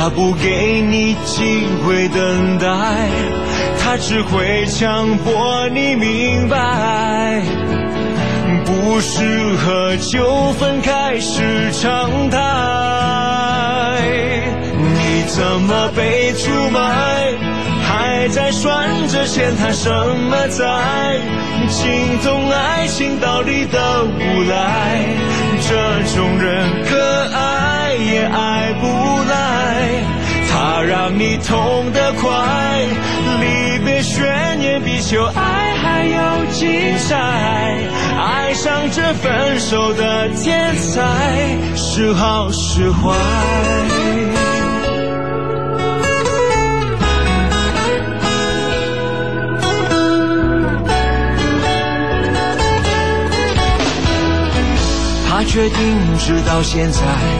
他不給你機會等待，他只會強迫你明白，不適合就分開是常態。你怎麼被出賣，還在算着欠他什麼債，精通愛情道理的無賴，這種人可愛。也愛不來，他讓你痛得快，離別懸念比求愛還要精彩，愛上這分手的天才，是好是壞。他決定直到現在。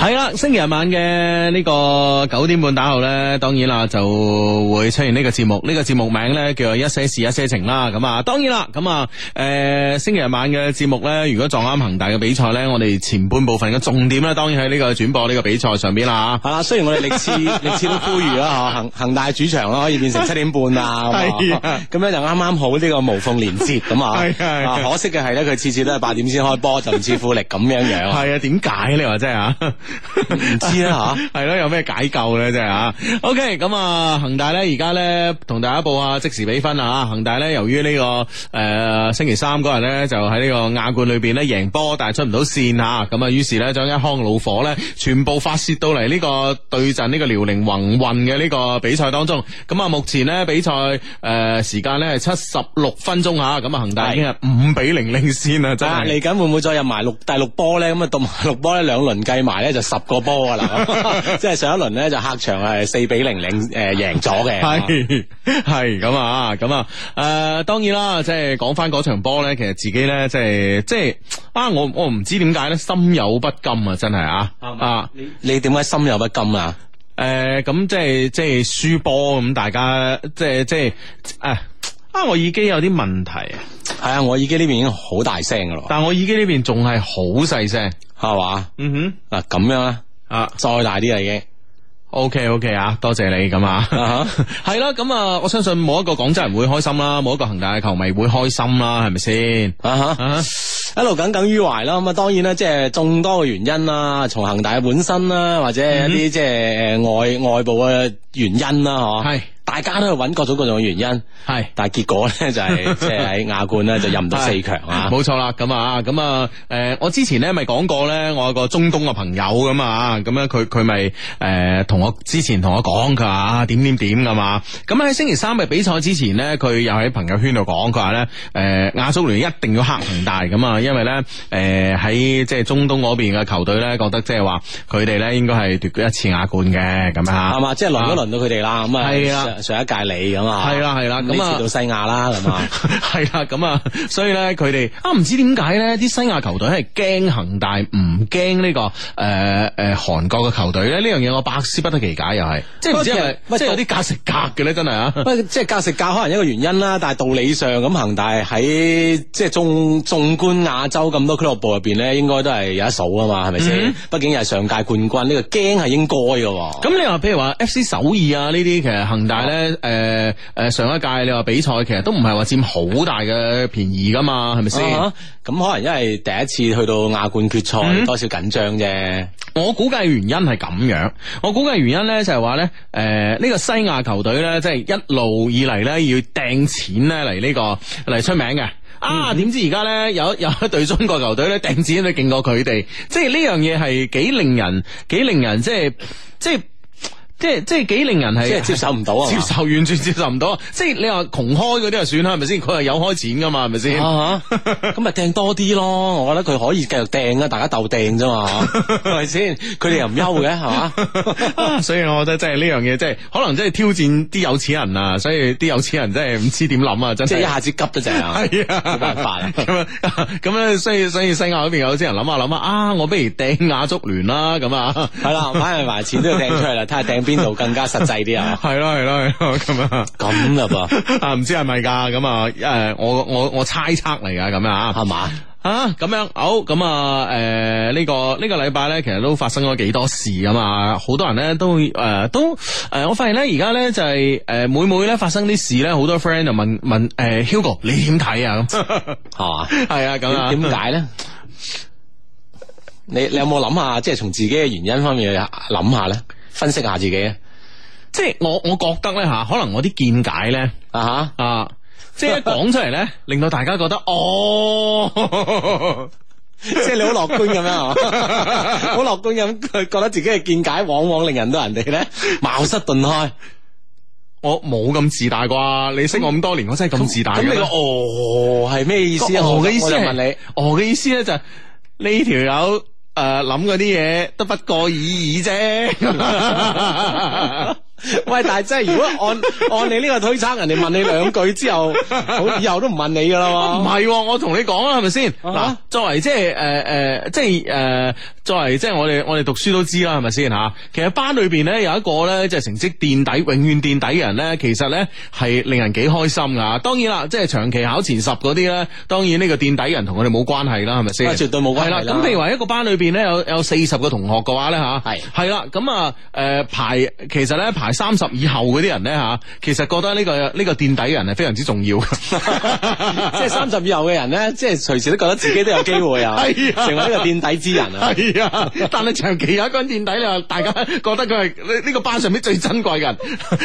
係啦，星期日晚嘅呢個九點半打後咧，當然啦就會出現呢個節目。呢、這個節目名咧叫做一些事一些情啦。咁啊，當然啦，咁啊，誒、呃，星期日晚嘅節目咧，如果撞啱恒大嘅比賽咧，我哋前半部分嘅重點咧，當然喺呢個轉播呢個比賽上邊啦。係啦，雖然我哋歷次歷次都呼籲啦，吓恒恒大主場啦，可以變成七點半啊，咁 吧 樣就啱啱好呢個無縫連接咁啊。可惜嘅係咧，佢次次都係八點先開波，就唔似富力咁樣樣。係啊， 點解你話真係？啊。 唔 知啦吓、啊，係咯， 有咩解救咧真係吓。OK，咁啊，恒大咧而家咧同大家報啊即時比分啊，恒大咧由於呢、這個誒、呃、星期三嗰日咧就喺呢個亞冠裏邊咧贏波，但係出唔到線吓，咁啊於是咧將一腔怒火咧全部發洩到嚟呢個對陣呢個遼寧宏運嘅呢個比賽當中。咁啊目前呢，比賽誒、呃、時間咧係七十六分鐘吓，咁啊恒大已經係五比零領先啦，真係嚟緊會唔會再入埋六第六波咧？咁啊讀埋六波呢，兩輪計埋咧就。十個波啊啦， 即係上一輪咧就客場係四比零零誒贏咗嘅，係係咁啊咁啊，誒、啊呃、當然啦，即係講翻嗰場波咧，其實自己咧即係即係啊，我我唔知點解咧心有不甘啊，真係啊啊你你點解心有不甘啊？誒咁即係即係輸波咁，大家即係即係啊啊我耳機有啲問題啊，係啊我耳機呢邊已經好大聲噶啦，但我耳機呢邊仲係好細聲。 係嘛，嗯哼，嗱咁樣啦，啊再大啲啊已經，OK OK 啊，多謝你咁啊，係啦，咁 啊、uh，huh. 我相信冇一個廣州人會開心啦，冇一個恆大嘅球迷會開心啦，係咪先？啊哈一路耿耿於懷啦，咁啊，當然啦，即係眾多嘅原因啦，從恆大本身啦，或者一啲即係外、uh huh. 外部嘅原因啦，吓係、uh。Huh. 大家都係揾各種各樣嘅原因，係是，但係結果咧就係即係喺亞冠咧就入唔到四強啊！冇錯啦，咁啊，咁啊，誒、呃，我之前咧咪講過咧，我有一個中東嘅朋友咁啊，咁咧佢佢咪誒同我之前同我講佢話點點點㗎嘛，咁喺星期三嘅比賽之前咧，佢又喺朋友圈度講佢話咧，誒、呃、亞足聯一定要黑恒大咁啊，因為咧誒喺即係中東嗰邊嘅球隊咧覺得即係話佢哋咧應該係奪一次亞冠嘅咁啊，係嘛，吧即係輪,輪到輪到佢哋啦，咁啊。上一屆你咁啊，係啦係啦，咁啊，到西亞啦，係啦， 咁啊，所以咧，佢哋啊，唔知點解咧，啲西亞球隊係驚恒大、這個，唔、呃、驚、啊、呢、這個誒誒韓國嘅球隊咧？呢樣嘢我百思不得其解，又係即係即係有啲格食格嘅咧，真係啊！即係格食格，可能一個原因啦。但係道理上，咁恒大喺即係縱縱觀亞洲咁多俱樂部入邊咧，應該都係有一數啊嘛，係咪先？畢、嗯、竟又係上屆冠軍，呢、這個驚係應該嘅。咁你話譬如話 F.C. 首爾啊，呢啲其實恒大。誒誒、呃，上一屆你話比賽其實都唔係話佔好大嘅便宜噶嘛，係咪先？咁、啊啊、可能因為第一次去到亞冠決賽，嗯、多少緊張啫。我估計原因係咁樣，我估計原因咧就係話咧，誒、呃、呢、這個西亞球隊咧，即係一路以嚟咧要掟錢咧嚟呢個嚟出名嘅。啊，點、嗯、知而家咧有有一隊中國球隊咧掟錢都勁過佢哋，即係呢樣嘢係幾令人幾令人即係即係。即即係即係幾令人係，即係接受唔到啊！接受完全接受唔到，啊。即係你話窮開嗰啲就算啦，係咪先？佢係有開錢噶嘛，係咪先？咁咪掟多啲咯！我覺得佢可以繼續掟啊，大家鬥掟啫嘛，係咪先？佢哋又唔休嘅係嘛？所以我覺得真係呢樣嘢即係可能真係挑戰啲有錢人啊！所以啲有錢人真係唔知點諗啊！真係一下子急得滯啊！冇辦法啊！咁樣咁樣，所以所以西亞嗰邊有啲人諗下諗啊，我不如掟亞足聯啦，咁啊係啦，反正埋錢都要掟出嚟啦，睇下掟。邊度更加實際啲啊？係咯，係咯，咁啊咁啊，噃啊，唔知係咪噶咁啊？誒，我我我猜測嚟噶咁啊係嘛啊咁樣好咁啊誒呢個呢、呢個禮拜咧其實都發生咗幾多事啊嘛，好多人咧、呃、都誒都誒我發現咧而家咧就係誒每每咧發生啲事咧，好多 friend 就問問誒 Hugo 你點睇啊，咁係嘛係啊，咁啊點解咧？你你有冇諗下即係從自己嘅原因方面去諗下咧？分析下自己，啊，即係我，我覺得咧吓，可能我啲見解咧啊吓啊，即係講出嚟咧，令到大家覺得哦，即係你好樂觀咁樣，啊，好樂觀咁，佢覺得自己嘅見解往往令人到人哋咧茅塞頓開。我冇咁自大啩，你識我咁多年，我真係咁自大嘅。咁你哦係咩意思啊？我嘅意思問你，我嘅意思咧就係呢條友。誒，諗嗰啲嘢都不過爾爾啫。喂， 但係真係如果按按你呢個推測，人哋問你兩句之後，以後都唔問你噶啦？唔係、啊啊，我同你講啦，係咪先？嗱、啊呃，作為即係誒誒，即係誒，作為即係、呃呃、我哋我哋讀書都知啦，係咪先吓？其實班裏邊咧有一個咧，即、就、係、係、成績墊底，永遠墊底嘅人咧，其實咧係令人幾開心噶。當然啦，即係長期考前十嗰啲咧，當然呢個墊底人同我哋冇關係啦，係咪先？係、啊、絕對冇關係啦。咁譬如話一個班裏邊咧有有四十個同學嘅話咧吓，係係啦，咁啊誒排，其實咧排。三十以後嗰啲人咧吓，其實覺得呢、這個呢、這個墊底嘅人係非常之重要。 即係三十以後嘅人咧，即係隨時都覺得自己都有機會啊，成為呢個墊底之人 啊。係啊，但係長期有一個人墊底你話，大家覺得佢係呢個班上面最珍貴嘅人，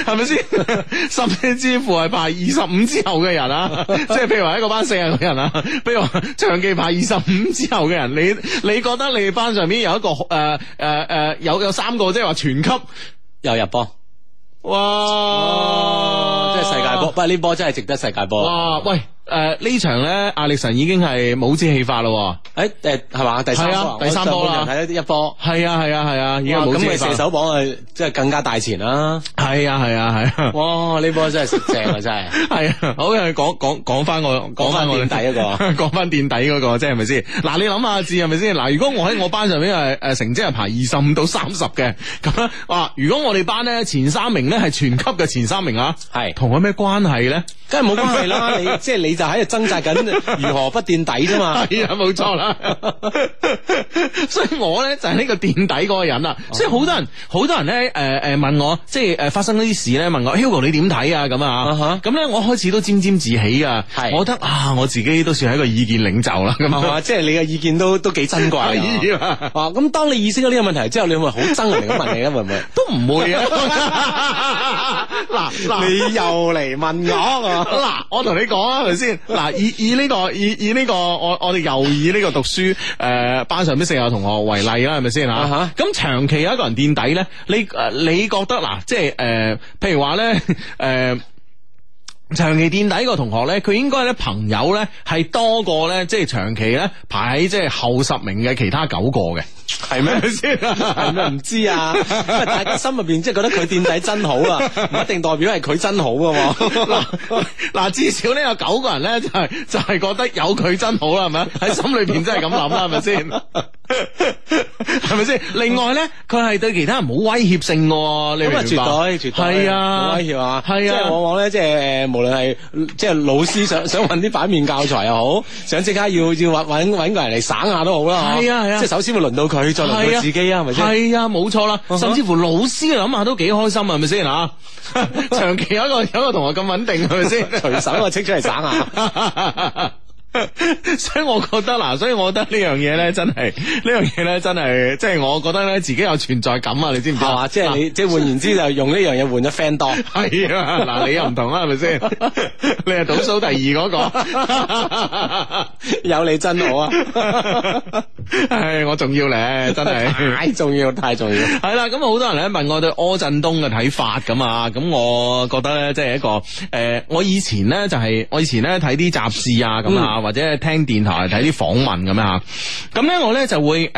係咪先？甚至乎係排二十五之後嘅人啊， 即係譬如話一個班四十個人啊，譬如話長期排二十五之後嘅人，你你覺得你班上面有一個誒誒誒有有三個即係話全級又入波。哇！真係哇世界波，不過呢波真係值得世界波。哇！喂！誒，呃、場呢場咧，阿力神已經係冇支氣法咯。誒、欸，誒，係嘛？第三波，啊、第三波啦、啊。睇一啲一波。係啊，係啊，係啊，已經冇支咁咪射手榜係即係更加大前啦。係啊，係啊，係啊。啊啊哇，呢波真係正啊，真係。係 啊。好，又講講講翻我講翻墊底嗰個，講翻墊底嗰、那個，即係咪先？嗱、啊，你諗下字係咪先？嗱、啊，如果我喺我班上邊誒誒，成績係排二十五到三十嘅，咁哇、啊啊，如果我哋班咧前三名咧係全級嘅前三名啊，係同佢咩關係咧？梗係冇關係啦、啊，你即係你。就喺度掙扎緊如何不墊底啫嘛，係啊， 冇錯啦。 所以我咧就係、是、呢個墊底嗰個人啦。哦、所以好多人，好、嗯、多人咧，誒、呃、誒問我，即係誒發生呢啲事咧，問我、hey, Hugo 你點睇啊？咁啊，咁咧、嗯嗯、我開始都沾沾自喜啊，是我覺得啊，我自己都算係一個意見領袖啦，咁啊、嗯嗯，即係你嘅意見都都幾珍貴咁、 嗯、 當你意識到呢個問題之後，你會唔會好憎人哋咁問你、啊，唔會都唔會啊？嗱， 啦你又嚟問我，嗱， 我同你講啊，頭先嗱，以、這個、以呢、這個以以呢個我我哋又以呢個讀書誒、呃、班上邊四廿個同學為例啦，係咪先吓？咁、uh huh. 長期有一個人墊底咧，你誒你覺得嗱，即係誒，譬如話咧誒。呃長期墊底個同學咧，佢應該咧朋友咧係多過咧，即係長期咧排喺即係後十名嘅其他九個嘅，係咩先？係咩唔知啊？因為大家心入邊即係覺得佢墊底真好啊，唔一定代表係佢真好嘅。嗱嗱，至少呢，有九個人咧係就係覺得有佢真好啦，係咪？喺心裏邊真係咁諗啦，係咪先？係咪先？ 是是另外咧，佢係對其他人冇威脅性，你明白？絕對，絕對係啊，冇威脅啊，啊即係往往咧，即係無論係即係老師想想揾啲反面教材又好，想即刻要要揾個人嚟省下都好啦，係啊，係啊，啊即係首先會輪到佢，再輪到自己啊，係咪先？係啊，冇錯啦，uh huh. 甚至乎老師諗下都幾開心啊，係咪先啊？ 長期有一個有一個同學咁穩定，係咪先？隨 手我耍耍一個清出嚟省下。 所以我覺得嗱，所以我覺得呢樣嘢咧，真係呢樣嘢咧，真係即係我覺得咧，自己有存在感啊，你知唔知啊？即係你，即係換言之，就用呢樣嘢換咗 friend 多。係啊，嗱，你又唔同啦，係咪先？你係倒數第二嗰、那個， 有你真好啊！係， 我仲要咧，真係 太重要，太重要。係啦，咁啊，好多人咧問我對柯震東嘅睇法咁啊，咁我覺得咧，即係一個誒、呃，我以前咧就係、是、我以前咧睇啲雜誌啊咁啊。嗯或者係聽電台睇啲訪問咁樣吓，咁咧我咧就會誒誒、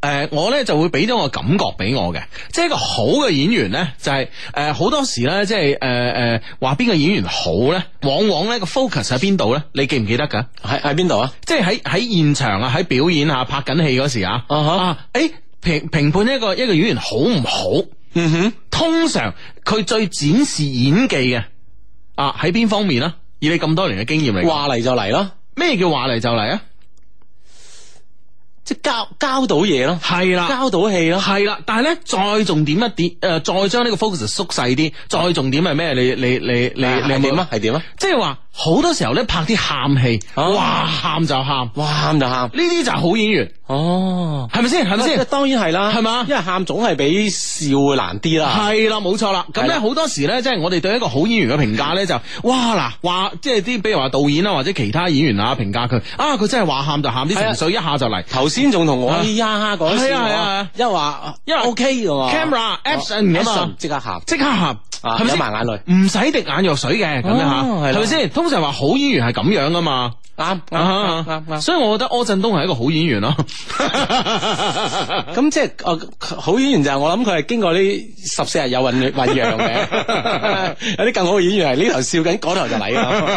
呃呃，我咧就會俾咗個感覺俾我嘅，即係一個好嘅演員咧，就係誒好多時咧，即係誒誒，話、呃、邊個演員好咧，往往咧個 focus 喺邊度咧？你記唔記得噶？喺喺邊度啊？即係喺喺現場啊，喺表演啊，拍緊戲嗰時啊。啊誒評評判一個一個演員好唔好？嗯哼、uh，huh. 通常佢最展示演技嘅啊喺邊方面啦？以你咁多年嘅經驗嚟講，話嚟就嚟咯。咩叫話嚟就嚟啊？即係交交到嘢咯，係啦，交到戲咯，係啦的。但係咧，再重點一啲，誒、呃，再將呢個 focus 縮細啲，再重點係咩？你你你你你係點啊？係點啊？即係話。好多時候咧，拍啲喊戲，哇喊就喊，哇喊就喊，呢啲就係好演員哦，係咪先？係咪先？當然係啦，係嘛？因為喊總係比笑會難啲啦。係啦，冇錯啦。咁咧，好多時咧，即係我哋對一個好演員嘅評價咧，就哇嗱話，即係啲比如話導演啊或者其他演員啊評價佢，啊佢真係話喊就喊，啲情緒一下就嚟。頭先仲同我，哎呀嗰時，係啊係啊，因為話因為 O K 嘅嘛，Camera Action，即刻喊，即刻喊。抹眼淚，唔使滴眼藥水嘅咁樣吓，係咪先？通常話好演員係咁樣噶嘛，啱啱啱，所以我覺得柯震東係一個好演員咯。咁即係，誒，好演員就係我諗佢係經過呢十四日有醞醞釀嘅。有啲更好嘅演員係呢頭笑緊，嗰頭就嚟。啊！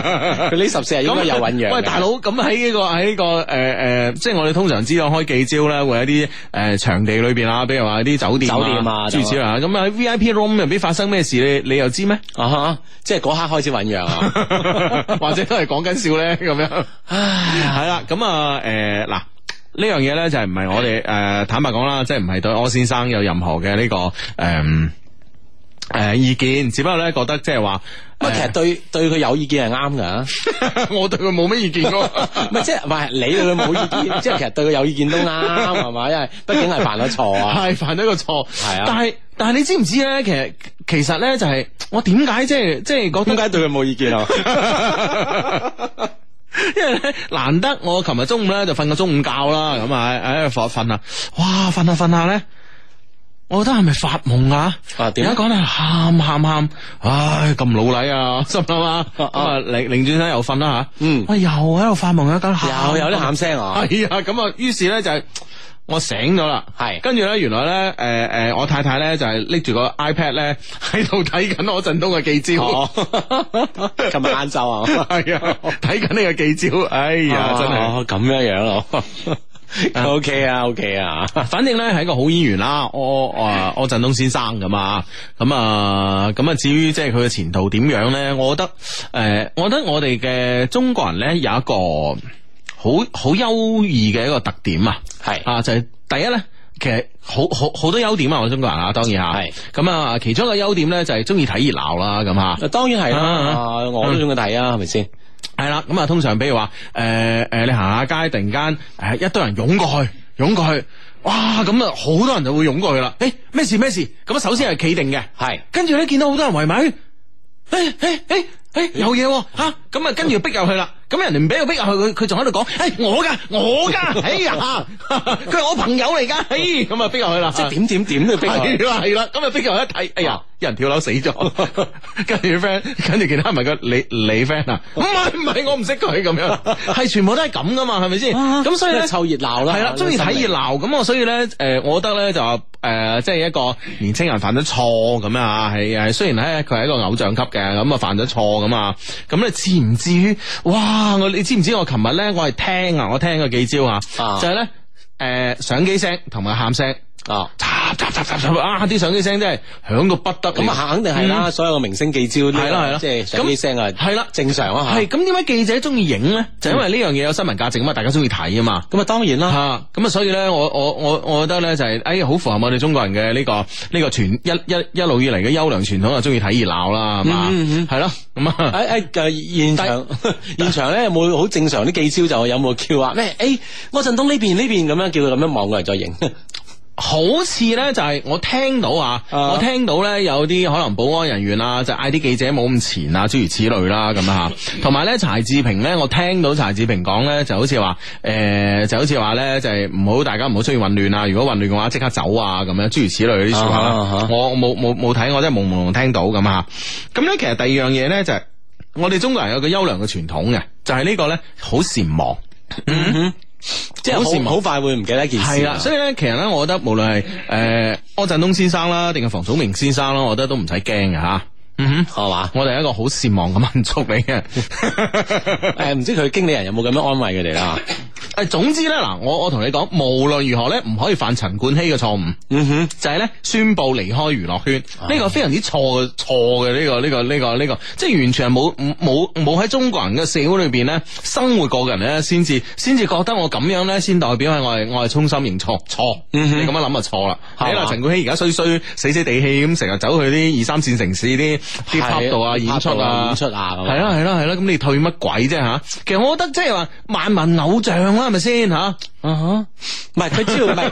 佢呢十四日應該有醞釀。喂，大佬，咁喺呢個喺呢個誒誒，即係我哋通常知道開記招啦，會喺啲誒場地裏邊啊，比如話啲酒店酒店啊，諸如此類啊。咁喺 V I P room 入邊發生咩事咧？你又知咩，啊啊？即係嗰刻開始醞釀， 或者都係講緊笑咧咁樣。係 啦、嗯 嗯，咁啊，誒、呃，嗱，呢樣嘢咧就係唔係我哋誒、呃、坦白講啦，即係唔係對柯先生有任何嘅呢、這個誒誒、呃呃、意見，只不過咧覺得即係話。就是其實對對佢有意見係啱噶， 我對佢冇咩意見咯。咪即係唔係你對佢冇意見， 即係其實對佢有意見都啱，係咪啊？因為畢 竟係犯咗錯啊。係 犯咗個錯，係啊但。但係但係你知唔知咧？其實其實咧就係我點解即係即係講點解對佢冇意見啊？ 因為咧難得我琴日中午咧就瞓個中午覺啦，咁係唉瞓瞓啊，哇瞓下瞓下咧。我覺得係咪發夢啊？而家講咧喊喊喊，唉咁老禮啊，心諗，啊啊擰擰轉身又瞓啦吓，嗯，我又喺度發夢，啊，陣喊，又有啲喊聲啊！哎呀，咁啊，於是咧就係我醒咗啦，係，跟住咧原來咧，誒誒，我太太咧就係拎住個 iPad 咧喺度睇緊我振東嘅記招，琴日晏晝啊，係啊，睇緊呢個記招，哎呀，真係咁樣樣咯。O K 啊，O K 啊，反正咧係一個好演員啦，柯啊柯震東先生咁啊，咁啊，咁啊，至於即係佢嘅前途點樣咧，我覺得誒、呃，我覺得我哋嘅中國人咧有一個好好優異嘅一個特點啊，係啊是，就係第一咧，其實好好好多優點啊，我中國人啊，當然吓，係咁是啊，其中一個優點咧就係中意睇熱鬧啦，咁吓，當然係啦，我都中意睇啊，係咪先？我係啦，咁啊，通常比如話，誒、呃、誒、呃，你行下街，突然間，誒、呃，一堆人湧過去，湧過去，哇，咁啊，好多人就會湧過去啦。誒、欸，咩事咩事？咁啊，首先係企定嘅，係是，跟住咧見到好多人圍埋去，誒誒誒誒，有嘢吓，咁啊，跟住逼入去啦。 咁人哋唔俾佢逼入去，佢仲喺度講，誒我噶，我噶，哎呀，佢係 我朋友嚟噶，誒，咁啊逼入去啦，即係點點點去逼，係啦，係啦，咁啊逼入去一睇，哎呀，有人跳樓死咗，跟住 friend，跟住其他唔係個你你 friend 啊，唔係唔係，我唔識佢咁樣，係全部都係咁噶嘛，係咪先？咁、啊、所以咧湊熱鬧啦，係啦、啊，中意睇熱鬧咁啊，所以咧，誒，我覺得咧就誒，即係一個年青人犯咗錯咁樣啊，係啊，雖然咧佢係一個偶像級嘅，咁啊犯咗錯咁啊，咁咧至唔至於哇？啊！我你知唔知我琴日咧，我係聽啊，我聽個幾招吓、啊，就係、是、咧，誒、呃，相機聲同埋喊聲。啊！嚓嚓啊，啲相機聲真係響到不得咁啊，肯定係啦。所有嘅明星記招都係啦，係啦。咁相機聲啊，係啦，正常啊。係咁，點解記者中意影咧？就因為呢樣嘢有新聞價值啊嘛，大家中意睇啊嘛。咁啊，當然啦。吓咁啊，所以咧，我我我我覺得咧就係哎，好符合我哋中國人嘅呢個呢個傳一一一路以嚟嘅優良傳統啊，中意睇熱鬧啦，係嘛，係咯。咁啊，誒誒，就現場現場咧有冇好正常啲記招？就有冇叫啊咩？誒，柯震東呢邊呢邊咁樣叫佢咁樣望過嚟再影。好似咧就係我聽到啊，uh, 我聽到咧有啲可能保安人員啊就嗌啲記者冇咁前啊，諸如此類啦咁啊，同埋咧柴志平咧，我聽到柴志平講咧就好似話誒就好似話咧就係唔好大家唔好出現混亂啊，如果混亂嘅話即刻走啊咁樣諸如此類啲說話啦，我冇冇冇睇，我真係朦朦朧聽到咁啊。咁咧其實第二樣嘢咧就係我哋中國人有個優良嘅傳統嘅，就係呢個咧好善忘。即係好，好快會唔記得一件事啦，所以咧，其實咧，我覺得無論係誒柯震東先生啦，定係房祖名先生啦，我覺得都唔使驚嘅吓。嗯哼，係嘛吧？我哋係一個好善忘嘅民族嚟嘅。誒，唔知佢經理人有冇咁樣安慰佢哋啦？誒， 總之咧嗱，我我同你講，無論如何咧，唔可以犯陳冠希嘅錯誤。嗯哼，就係咧宣布離開娛樂圈呢唉個非常之錯錯嘅呢個呢、呢個呢、呢個呢、呢個，即係完全係冇冇冇喺中國人嘅社會裏邊咧生活過嘅人咧，先至先至覺得我咁樣咧，先代表係我係我係衷心認錯錯。錯嗯、哼你咁樣諗就錯啦。睇下陳冠希而家衰衰死死地氣咁，成日走去啲二三線城市啲。啲拍度啊演出啊，啊演出啊咁，係啦係啦係啦，咁、啊啊啊、你退乜鬼啫、啊、吓？其實我覺得即係話萬民偶像啦，係咪先吓？啊吓，唔係佢知道，唔係，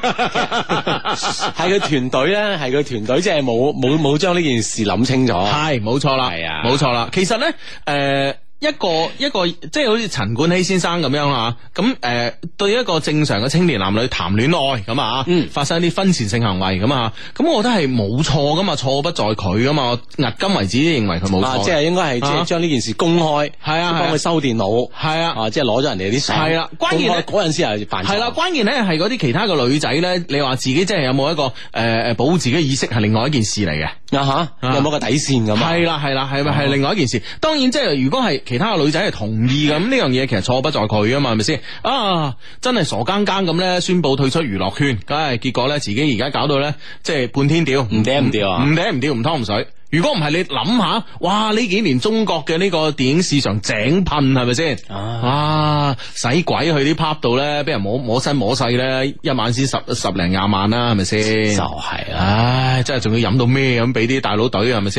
係佢團隊咧，係佢團隊即係冇冇冇將呢件事諗清楚，係冇錯啦，係啊，冇錯啦。其實咧，誒、呃。一個一個即係好似陳冠希先生咁樣啊，咁、呃、誒對一個正常嘅青年男女談戀愛咁啊，啊，發生一啲婚前性行為咁啊，咁、啊嗯嗯嗯、我覺得係冇錯噶嘛，錯不在佢噶嘛，至今為止都認為佢冇錯，即係、啊就是、應該係即將呢件事公開，係啊，幫佢修電腦，係啊，啊即係攞咗人哋啲手，係啦、啊，關鍵係嗰陣時係犯，係啦、啊，關鍵咧係嗰啲其他嘅女仔咧，你話自己即係有冇一個誒誒保護自己嘅意識係另外一件事嚟嘅。啊吓有冇個底線咁？係啦，係啦，係咪係另外一件事？當然即係如果係其他嘅女仔係同意咁呢樣嘢，是的 其實錯不在佢啊嘛係咪先？啊真係傻更更咁咧宣布退出娛樂圈，梗係結果咧自己而家搞到咧即係半天吊，唔嗲唔吊，啊，唔嗲唔吊，唔湯唔水。如果唔係你諗下，哇呢幾年中國嘅呢個電影市場井噴係咪先？啊啊，使鬼去啲 pub 度咧，俾人摸摸身摸勢咧，一晚先十十零廿萬啦，係咪先？就係、是、啊、哎，真係仲要飲到咩咁，俾啲大佬懟啊，係咪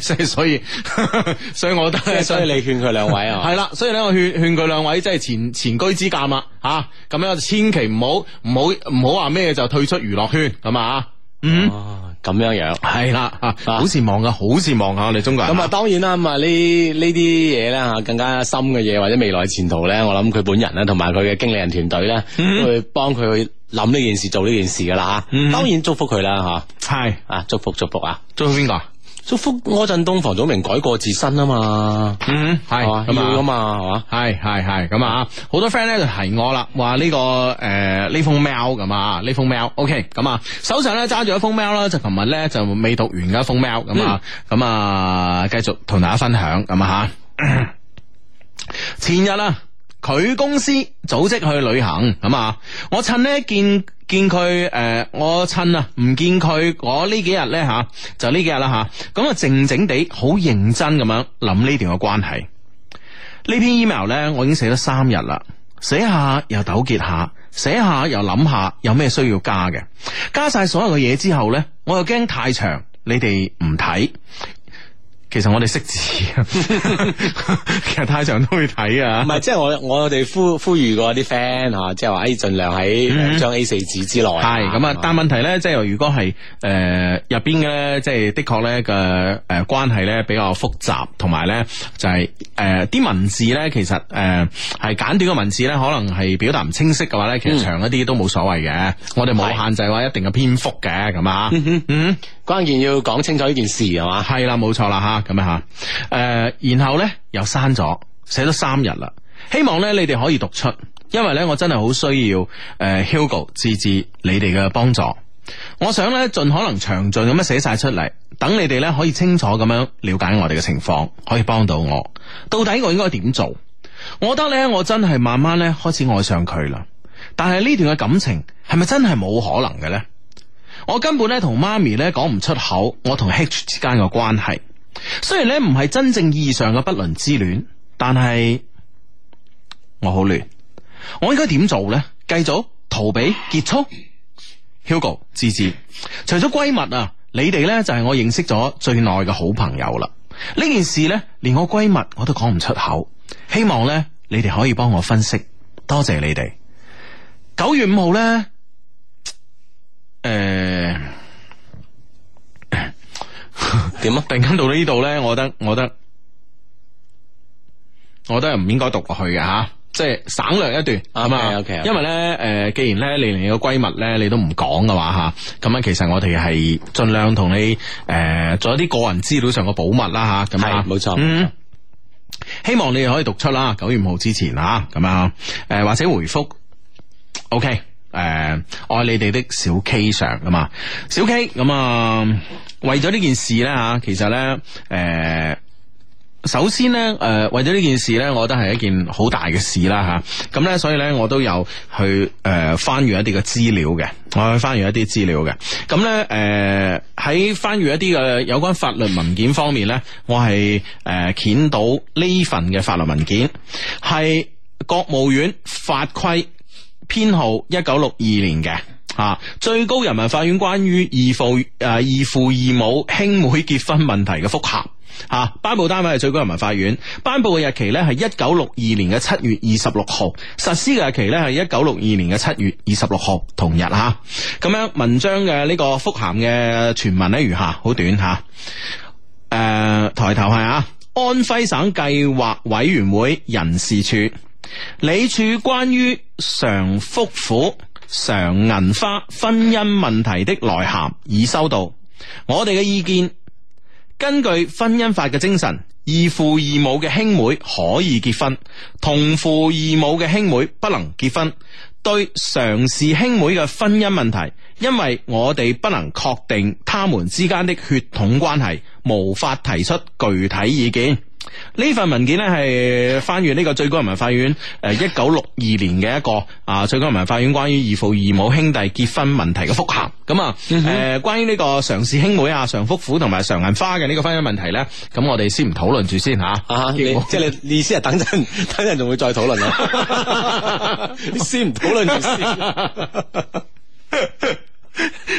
先？所以，所以，所，以所以我 所以覺得， 所以你勸佢兩位啊？係啦，所以咧我勸勸佢兩位，即係前前車之鑑啦，吓、啊、咁樣千祈唔好唔好唔好話咩就退出娛樂圈，係嘛？嗯。啊咁樣樣係啦，的啊，啊好展望噶，啊、好展望吓，我哋、啊、中國人。咁啊，啊當然啦，咁啊，呢呢啲嘢咧吓，更加深嘅嘢或者未來前途咧，我諗佢本人咧、啊，同埋佢嘅經理人團隊咧，嗯、都會幫去幫佢去諗呢件事，做呢件事噶啦吓。啊嗯、哼當然祝福佢啦，吓。係啊，是祝福祝福啊，祝福邊個、啊？祝福柯震東、房祖名改過自新啊嘛，嗯係咁啊嘛係係係咁啊，好多 friend 咧就提我啦，話呢、這個誒呢、呃、封 mail 咁啊，呢封 mail，ok、okay, 咁啊，手上咧揸住一封 mail 啦，就琴日咧就未讀完嘅一封 mail 咁啊、嗯，咁啊繼續同大家分享咁啊吓， 前日啊。佢公司組織去旅行咁啊！我趁呢見見佢誒、呃，我趁啊唔見佢，我呢幾日呢，吓、啊、就呢幾日啦吓，咁啊靜靜地好認真咁樣諗呢段嘅關係。呢篇 email 呢，我已經寫咗三日啦，寫下又糾結下，寫下又諗下有咩需要加嘅，加晒所有嘅嘢之後呢，我又驚太長，你哋唔睇。其實我哋識字，其實太長都會睇啊。唔係，即係我我哋呼呼籲過啲 friend 吓，即係話哎盡量喺一張 A 四紙之內。係咁啊，但問題咧，即係如果係誒入邊咧，即係的確咧嘅誒關係咧比較複雜，同埋咧就係誒啲文字咧，其實誒係簡短嘅文字咧，可能係表達唔清晰嘅話咧，其實長一啲都冇所謂嘅。嗯、我哋冇限制話一定嘅篇幅嘅，咁啊，嗯，關鍵要講清楚呢件事係嘛？係啦，冇錯啦吓。咁樣吓，誒、呃，然後呢，又刪咗，寫咗三日啦。希望咧你哋可以讀出，因為咧我真係好需要誒、呃、，Hugo 致致你哋嘅幫助。我想咧盡可能詳盡咁樣寫晒出嚟，等你哋咧可以清楚咁樣了解我哋嘅情況，可以幫到我。到底我應該點做？我覺得咧我真係慢慢咧開始愛上佢啦，但係呢段嘅感情係咪真係冇可能嘅呢？我根本咧同媽咪咧講唔出口，我同 H 之間嘅關係。雖然咧唔係真正意義上嘅不倫之戀，但係我好亂，我應該點做咧？繼續逃避結束？Hugo、芝芝，除咗閨蜜啊，你哋咧就係我認識咗最耐嘅好朋友啦。呢件事咧，連我閨蜜我都講唔出口。希望咧，你哋可以幫我分析。多謝你哋。九月五號咧，誒、呃。點啊！ 突然間到呢度咧，我覺得，我覺得，我覺得係唔應該讀落去嘅吓，即係省略一段，係咪？O K，因為咧，誒、呃，既然咧你連個閨蜜咧你都唔講嘅話吓，咁啊，其實我哋係盡量同你誒、呃，做一啲個人資料上嘅保密啦吓，咁啊，冇錯，錯，嗯，錯希望你哋可以讀出啦，九月五號之前吓，咁啊，誒、呃，或者回覆，O K。Okay. 誒、呃，愛你哋的小 K 上啊嘛，小 K 咁、呃、啊，為咗呢件事咧吓，其實咧，誒、呃，首先咧，誒、呃，為咗呢件事咧，我覺得係一件好大嘅事啦吓。咁、啊、咧，所以咧，我都有去誒、呃、翻閱一啲嘅資料嘅，我有去翻閱一啲資料嘅。咁、嗯、咧，誒、呃，喺翻閱一啲嘅有關法律文件方面咧，我係誒見到呢份嘅法律文件係國務院法規。編號一九六二年嘅，吓，最高人民法院關於義父誒、義父義母兄妹結婚問題嘅復函，吓，頒布單位係最高人民法院，頒布嘅日期呢係一九六二年嘅七月二十六號，實施嘅日期呢係一九六二年嘅七月二十六號同日吓。咁樣文章嘅呢個復函嘅全文呢，如下，好短吓。誒、呃，抬頭係啊，安徽省計劃委員會人事處。你處關於常福府、常銀花婚姻問題的來函已收到，我哋嘅意見根據婚姻法嘅精神，異父異母嘅兄妹可以結婚，同父異母嘅兄妹不能結婚。對常氏兄妹嘅婚姻問題，因為我哋不能確定他們之間的血統關係，無法提出具體意見。呢份文件呢，係翻閱呢個最高人民法院誒一九六二年嘅一個啊最高人民法院關於二父二母兄弟結婚問題嘅復函。咁啊誒，嗯、哼關於呢個常氏兄妹啊、常福虎同埋常銀花嘅呢個婚姻問題呢，咁我哋先唔討論住先吓、啊果。即係你意思係等陣，等陣仲會再討論啊？先唔討論住先。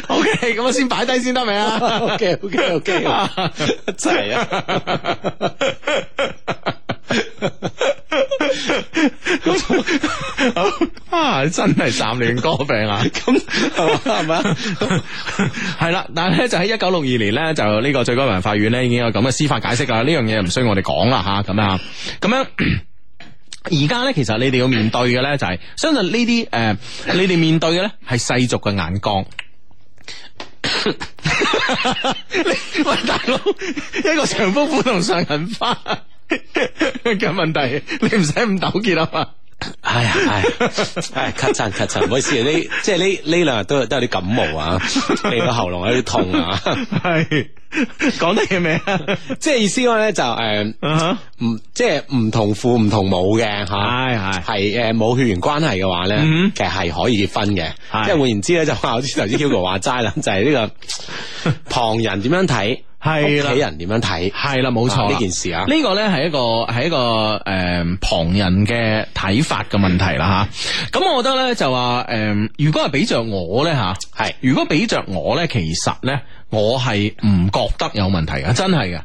O K，咁我先擺低先得未啊？O K，O K，O K，真係啊！咁、okay, 啊，真係三年哥病啊！咁係咪？係嘛，係啦。但係咧，就喺一九六二年咧，就呢個最高人民法院咧，已經有咁嘅司法解釋㗎。呢樣嘢唔需要我哋講啦吓，咁啊，咁樣而家咧， 其實你哋要面對嘅咧，就係相信呢啲誒，你哋面對嘅咧係世俗嘅眼光。呢位 大佬，一個長福虎同上銀花嘅問題，你唔使咁糾結啊嘛。哎呀，哎，哎，咳震咳震，唔好意思，呢即係呢呢兩日都都有啲感冒啊，鼻到 喉嚨有啲痛啊，係講 得嘢咩啊？即係意思話咧就誒，唔、呃 uh huh? 即係唔同父唔同母嘅吓，係係誒冇血緣關係嘅話咧，uh huh? 其實係可以結婚嘅，即係換言之咧就好似頭先，Hugo 話齋啦，就係呢、就係呢個旁人點樣睇。係俾人點樣睇？係啦，冇錯，呢件事啊呢，呢個咧係一個係一個誒、呃、旁人嘅睇法嘅問題啦吓。咁、嗯啊、我覺得咧就話誒、呃，如果係俾着我咧吓，係、啊、如果俾着我咧，其實咧我係唔覺得有問題嘅，真係㗎。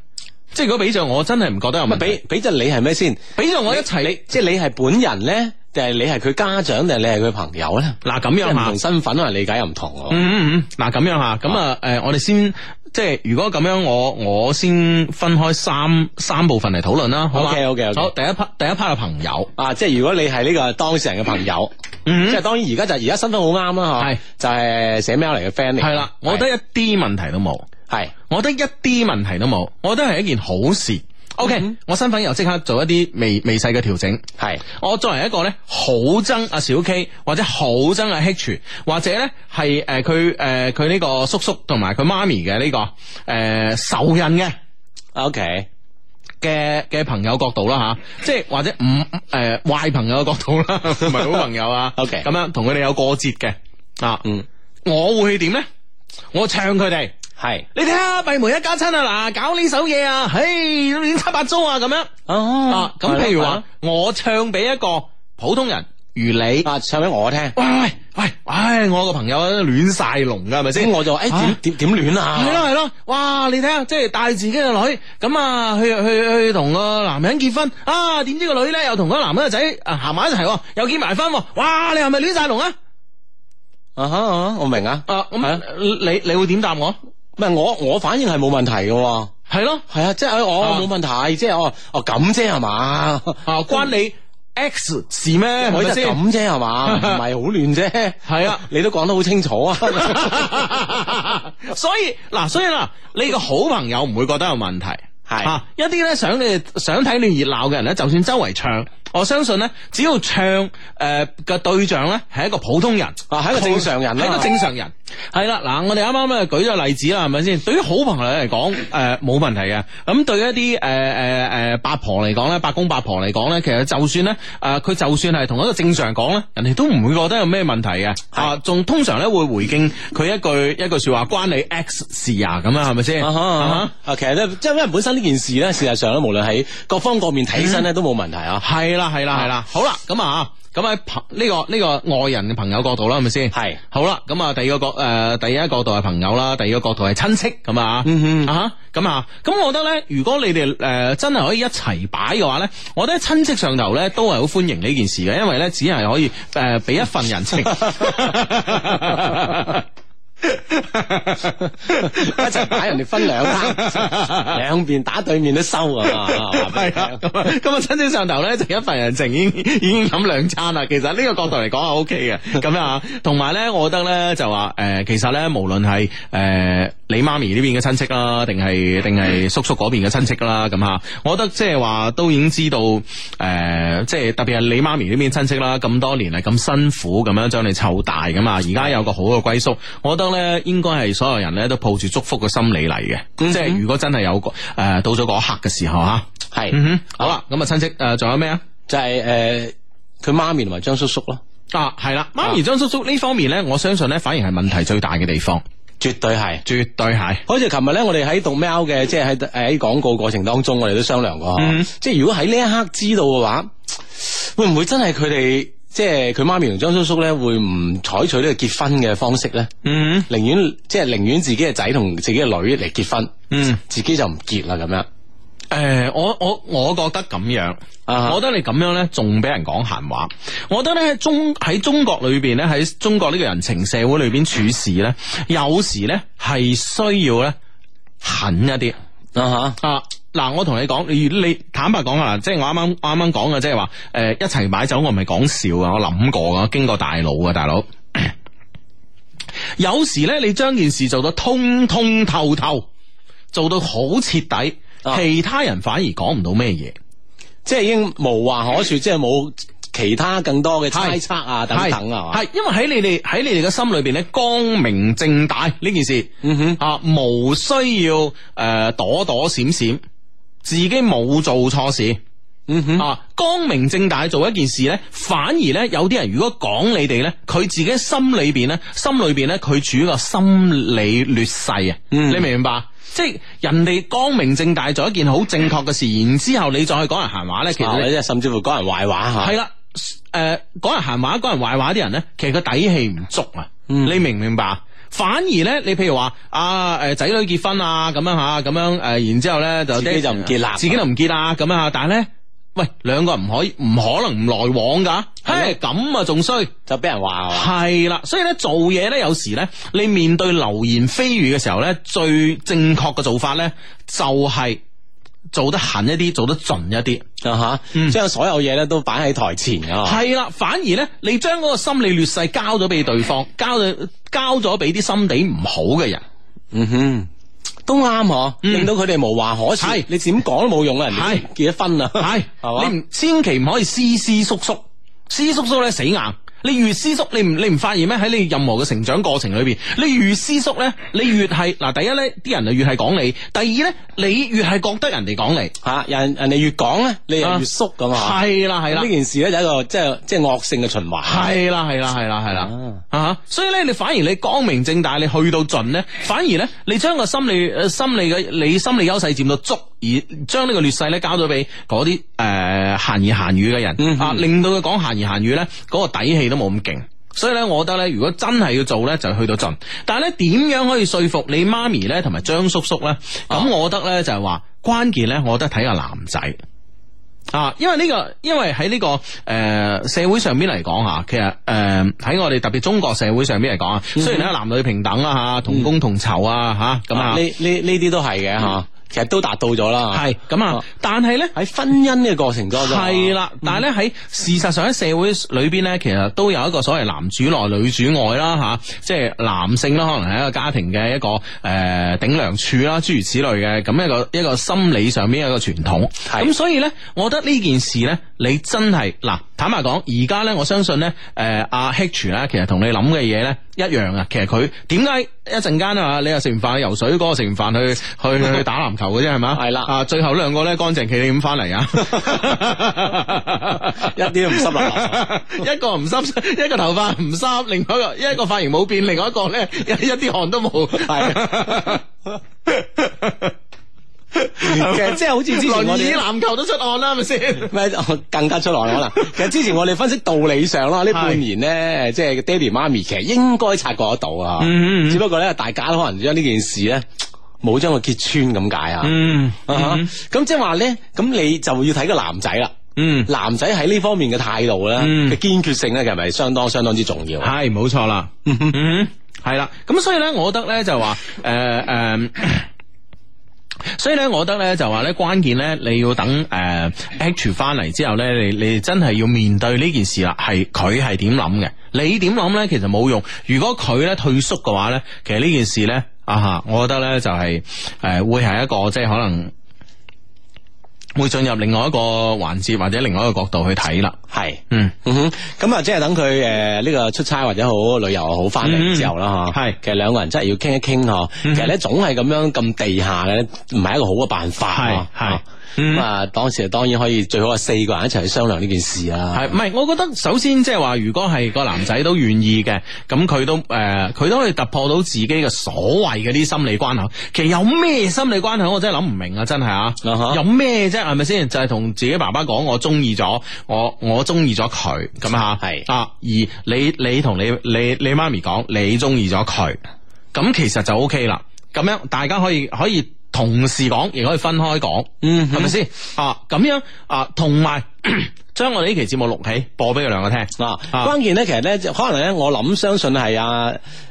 即係如果俾着我，真係唔覺得有問題。俾，俾着你係咩先？俾着我一齊，即係你係本人咧。係你係佢家長定你係佢朋友咧？嗱咁樣唔同身份啊，理解又唔同。嗯嗯嗯，嗱咁樣吓，咁啊，誒，我哋先即係如果咁樣，我我先分開三三部分嚟討論啦。好，OK OK。好，第一 part 第一 part 嘅朋友啊，即係如果你係呢個當事人嘅朋友，即係當然而家就係而家身份好啱啦，係就係寫 mail 嚟嘅 friend 係啦，我覺得一啲問題都冇，係，我覺得一啲問題都冇，我覺得係一件好事。O、okay, K，我身份又即刻做一啲微微細嘅調整。係是，我作為一個咧好憎阿小 K 或者好憎阿 H，或者咧係誒佢誒佢呢個叔叔同埋佢媽咪嘅呢個誒、呃、仇人嘅。O K 嘅嘅朋友角度啦吓，即係或者五誒壞朋友嘅角度啦，唔係好朋友啊。O K，咁樣同佢哋有過節嘅啊嗯，我會去點咧？我唱佢哋。係是，你睇下閉門一家親啊，嗱，搞呢首嘢啊，唉、哎，都亂七八糟啊，咁樣。哦，咁譬如話，啊、我唱俾一個普通人如你啊，唱俾我聽。喂喂、啊、喂，唉、哎，我個朋友亂晒龍噶，係咪先？我就話誒，點點點亂啊？係咯係咯，哇！你睇下，即係帶自己個女，咁啊，去去去同個男人結婚啊，點知個女咧又同嗰個男人個仔啊行埋一齊，又結埋婚喎，哇！你係咪亂晒龍啊？啊我明啊。啊，咁你你會點答我？唔係我，我反應係冇問題嘅喎。係咯的，係啊，即係、哎、我冇問題，啊、即係哦哦咁啫係嘛？啊，啊關你 X 事咩？我哋咁啫係嘛？唔係好亂啫。係啊，你都講得好清楚啊。 所以嗱，所以嗱，你個好朋友唔會覺得有問題。係啊，一啲咧想你，想睇你熱鬧嘅人咧，就算周圍唱，我相信咧，只要唱誒嘅對象咧係一個普通人，啊，係一個正常人，係控一個正常人，係啦，嗱，我哋啱啱咧舉咗例子啦，係咪先？對於好朋友嚟講，誒、呃、冇問題嘅，咁對於一啲誒誒誒八婆嚟講咧，八公八婆嚟講咧，其實就算咧，誒、呃、佢就算係同一個正常講咧，人哋都唔會覺得有咩問題嘅，的啊，仲通常咧會回敬佢一句一句說話，關你 X 事啊，咁樣係咪先？啊，啊其實咧，即係因為本身。呢件事呢，事實上咧，無論喺各方各面睇起身呢，都冇、嗯、問題啊！係啦，係啦，係啦，好啦，咁、嗯、啊，咁喺朋呢個呢、呢個愛、呢個、人嘅朋友角度啦，係咪先？係的好啦，咁啊，第二個角誒，第一個角度係朋友啦，第二個角度係、呃、親戚咁、嗯嗯、啊，嗯嗯啊哈，咁啊，咁我覺得呢，如果你哋誒、呃、真係可以一齊擺嘅話呢，我覺得親戚上頭呢，都係好歡迎呢件事嘅，因為呢，只係可以誒俾、呃、一份人情。 一齊打人哋分兩餐，兩 邊打對面都收啊！係啊， 咁啊的，親戚 上頭咧就一份人情已，已經已經飲兩餐啦、OK 呃。其實呢個角度嚟講係 O K 嘅。咁樣啊，同埋咧，我覺得咧就話誒，其實咧無論係誒。你媽咪呢邊嘅親戚啦，定係定係叔叔嗰邊嘅親戚啦，咁吓，我覺得即係話都已經知道，誒、呃，即、就、係、是、特別係你媽咪呢邊親戚啦，咁多年係咁辛苦咁樣將你湊大㗎嘛，而家有個好嘅歸宿，我覺得咧應該係所有人咧都抱住祝福嘅心理嚟嘅，嗯、哼即係如果真係有個誒、呃、到咗嗰一刻嘅時候吓，係、啊是嗯，好啦，咁啊親戚誒仲、呃、有咩、就是呃、啊？就係誒佢媽咪同埋張叔叔咯，啊係啦，媽咪張叔叔呢方面咧，我相信咧反而係問題最大嘅地方。絕對係，絕對係。好似琴日咧，我哋喺讀 mail 嘅，即係喺誒喺廣告過程當中，我哋都商量過。嗯、即係如果喺呢一刻知道嘅話，會唔會真係佢哋即係佢媽咪同張叔叔咧會唔採取呢個結婚嘅方式咧？嗯，寧願即係寧願自己嘅仔同自己嘅女嚟結婚，嗯，自己就唔結啦咁樣。誒、呃，我我我覺得咁樣，我覺得，uh huh. 我覺得你咁樣咧，仲俾人講閒話。我覺得咧，中喺中國裏邊咧，喺中國呢個人情社會裏邊處事咧，有時咧係需要咧狠一啲啊吓啊！嗱、uh，我同你講，你你坦白講啊，即係我啱啱我啱啱講嘅，即係話誒，一齊買酒，我唔係講笑啊，我諗、呃、過啊，經過大腦啊，大佬。 有時咧，你將件事做到通通透透，透，做到好徹底。其他人反而講唔到咩嘢，即係已經無話可說，即係冇其他更多嘅猜測啊，是等等啊，係是吧因為喺你哋喺你哋嘅心裏邊咧，光明正大呢件事，嗯哼啊，無需要誒、呃、躲躲閃閃，自己冇做錯事，嗯哼啊，光明正大做一件事咧，反而咧有啲人如果講你哋咧，佢自己心裏邊咧，心裏邊咧，佢處於個心理劣勢啊，嗯、你明唔明白？即係人哋光明正大做一件好正確嘅事，然之後你再去講人閒話咧，其實你、啊、甚至乎講人壞話吓。係、啊、啦，誒、呃，講人閒話、講人壞話啲人咧，其實個底氣唔足啊，嗯、你明唔明白？反而咧，你譬如話阿誒仔女結婚啊，咁樣吓，咁樣誒，然之後咧就自己就唔結啦，自己就唔結啦，咁、啊、樣吓，但係咧。喂，兩個人唔可以唔可能唔來往噶，咁的啊仲衰，就俾人話。係啦，所以咧做嘢咧有時咧，你面對流言蜚語嘅時候咧，最正確嘅做法咧就係做得狠一啲，做得盡一啲啊吓，將、uh huh, 嗯、所有嘢咧都擺喺台前啊。係啦，反而咧你將嗰個心理劣勢交咗俾對方， 交就交咗俾啲心地唔好嘅人。嗯哼、uh。Huh. 都啱嗬，令到佢哋無話可說。係，你點講都冇用，人哋結咗婚啦。係，係嘛？你唔千祈唔可以斯斯叔叔斯叔叔咧死硬。你越收縮，你唔你唔發現咩？喺你任何嘅成長過程裏邊，你越收縮咧，你越係嗱，第一咧，啲人就越係講你，第二咧，你越係覺得人哋講你，吓、啊、人人哋越講咧，你越，越縮咁嘛。係啦係啦，呢件事咧就係，一個即係即係惡性嘅循環。係啦係啦係啦係啦，啊，啊！所以咧，你反而你光明正大，你去到盡咧，反而咧，你將個心理誒心理嘅你心理優勢佔到足。而將呢個劣勢咧交咗俾嗰啲誒閒言閒語嘅人啊，令到佢講閒言閒語咧，嗰個底氣都冇咁勁。所以咧，我覺得咧，如果真係要做咧，就去到盡。但係咧，點樣可以說服你媽咪咧，同埋張叔叔咧？咁、啊、我覺得咧，就係話關鍵咧，我覺得睇下男仔啊，因為呢個因為喺呢個誒、呃、社會上邊嚟講吓，其實誒喺我哋特別中國社會上邊嚟講啊，雖然咧男女平等啦吓，同工同酬啊吓，咁、嗯、啊呢呢呢啲都係嘅吓。啊其實都達到咗啦，係咁啊！但係呢，喺婚姻嘅過程當中，係啦，但係呢，喺事實上喺社會裏邊呢，其實都有一個所謂男主內女主外啦，吓，即係男性啦，可能係一個家庭嘅一個誒頂樑柱啦，諸如此類嘅，咁一個一個心理上面一個傳統，咁所以呢，我覺得呢件事呢，你真係嗱，坦白講，而家呢，我相信呢，誒阿 Hitch 呢，其實同你諗嘅嘢呢。一樣啊，其實佢點解一陣間啊，你又食完飯，飯去游水，嗰個食完飯去去去打籃球嘅啫，係咪？係啦的，啊最後兩個咧乾淨，佢咁翻嚟啊？ 一啲都唔濕落嚟， 一個唔濕，一個頭髮唔濕，另外一個一個髮型冇變，另外一個咧一啲汗都冇，係。 其實即係好似之前，輪椅籃球都出案啦，係咪先？唔係，更加出案可能。 其實之前我哋分析道理上啦，呢是半年咧，即係爹哋媽咪其實應該察覺得到啊。嗯嗯嗯。只不過咧，大家可能將呢件事咧，冇將佢揭穿咁解啊。嗯，嗯。咁即係話咧，咁你就要睇個男仔啦。嗯。男仔喺呢方面嘅態度咧，嘅堅、嗯嗯、決性咧，係咪相當相當之重要？係，冇錯啦。嗯嗯。係 啦。咁所以咧，我覺得咧就話，誒、呃、誒。呃呃所以咧、呃 呃啊，我覺得咧就話、是、咧，關鍵咧，你要等誒，H 翻嚟之後咧，你你真係要面對呢件事啦，係佢係點諗嘅，你點諗咧，其實冇用。如果佢咧退縮嘅話咧，其實呢件事咧，啊吓，我覺得咧就係誒，會係一個即係可能。會進入另外一個環節或者另外一個角度去睇啦，係是，嗯，嗯哼，咁啊，即係等佢誒呢個出差或者好旅遊好翻嚟之後啦，吓、嗯，係，其實兩個人真係要傾一傾嗬，嗯、哼其實咧總係咁樣咁地下嘅，唔係一個好嘅辦法，係。咁啊，嗯、當時當然可以最好係四個人一齊去商量呢件事啊。係，唔係？我覺得首先即係話，如果係個男仔都願意嘅，咁佢都誒，佢、呃、都可以突破到自己嘅所謂嘅啲心理關口。其實有咩心理關口我真係諗唔明啊！真係啊，uh huh. 有咩啫？係咪先？就係、是、同自己爸爸講，我中意咗我，我中意咗佢咁吓。係啊，是而你你同你你你媽咪講，你中意咗佢，咁其實就 OK 啦。咁樣大家可以可以。同時講，亦可以分開講，嗯，係咪先啊？咁樣啊，同埋將我哋呢期節目錄起播俾佢兩個聽啊。關鍵咧，其實咧，可能咧，我諗相信係阿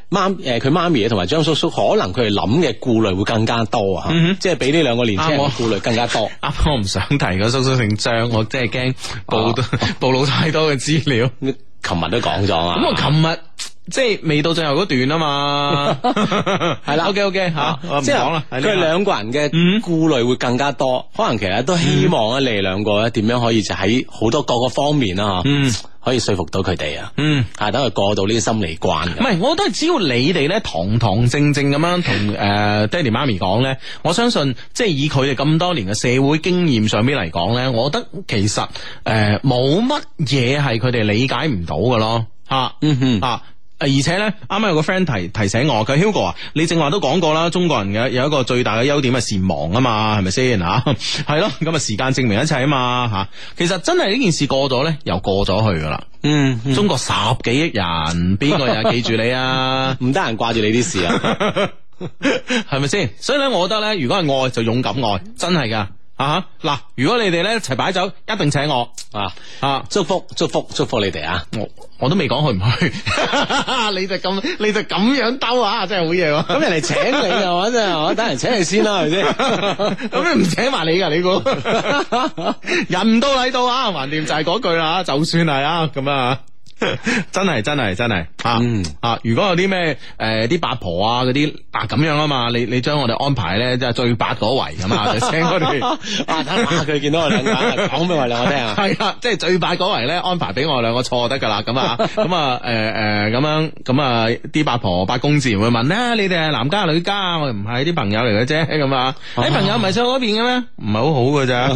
媽誒，佢媽咪同埋張叔叔，可能佢哋諗嘅顧慮會更加多啊。即係比呢兩個年輕人顧慮更加多。阿我唔想提個叔叔姓張，我真係驚暴暴露太多嘅資料。琴日都講咗啊，咁我琴日。即係未到最後段啊嘛，係啦 的，OK OK 吓、啊，唔講啦。佢係兩個人嘅顧慮會更加多，嗯、可能其實都希望咧，你哋兩個咧點樣可以就喺好多各個方面啊，吓、嗯，可以說服到佢哋啊，嗯，係等佢過到呢啲心理關。唔係，我覺得只要你哋咧堂堂正正咁樣同誒爹哋媽咪講咧，我相信即係以佢哋咁多年嘅社會經驗上邊嚟講咧，我覺得其實誒冇乜嘢係佢哋理解唔到㗎咯，吓，嗯哼，啊。而且咧，啱啱有個 friend 提提醒我，佢 Hugo 啊，go, 你正話都講過啦，中國人嘅有一個最大嘅優點係善忘啊嘛，係咪先吓？係 咯，咁啊時間證明一切啊嘛吓。其實真係呢件事過咗咧，又過咗去噶啦，嗯。嗯，中國十幾億人，邊個人記住你啊？唔得閒掛住你啲事啊？係咪先？所以咧，我覺得咧，如果係愛就勇敢愛，真係噶。啊嗱，uh huh. 如果你哋咧一齊擺酒，一定請我啊！啊、uh,，祝福祝福祝福你哋啊！我我都未講去唔去 你，你就咁你哋咁樣兜啊，真係好嘢！咁 人哋請你啊，話，真係，我等人請你先啦，係咪先？咁你唔請埋你噶？你個人唔到喺度啊？橫掂就係嗰句啦，啊，就算係啊，咁啊。 真係真係真係啊！啊，如果有啲咩誒，啲、呃、八婆啊，嗰啲啊咁樣啊嘛，你你將我哋安排咧，即係最八嗰圍咁啊！就我哋啊，等下佢見到我兩個講俾我兩個聽啊！係 啊，即係最八嗰圍咧，安排俾我兩個錯得噶啦！咁啊，咁、嗯、啊，誒、呃、誒，咁樣咁啊，啲八婆八公子會問咧、啊：你哋係男家女家？我哋唔係啲朋友嚟嘅啫，咁啊，啲 朋友唔係最嗰邊嘅咩？唔係好好嘅咋？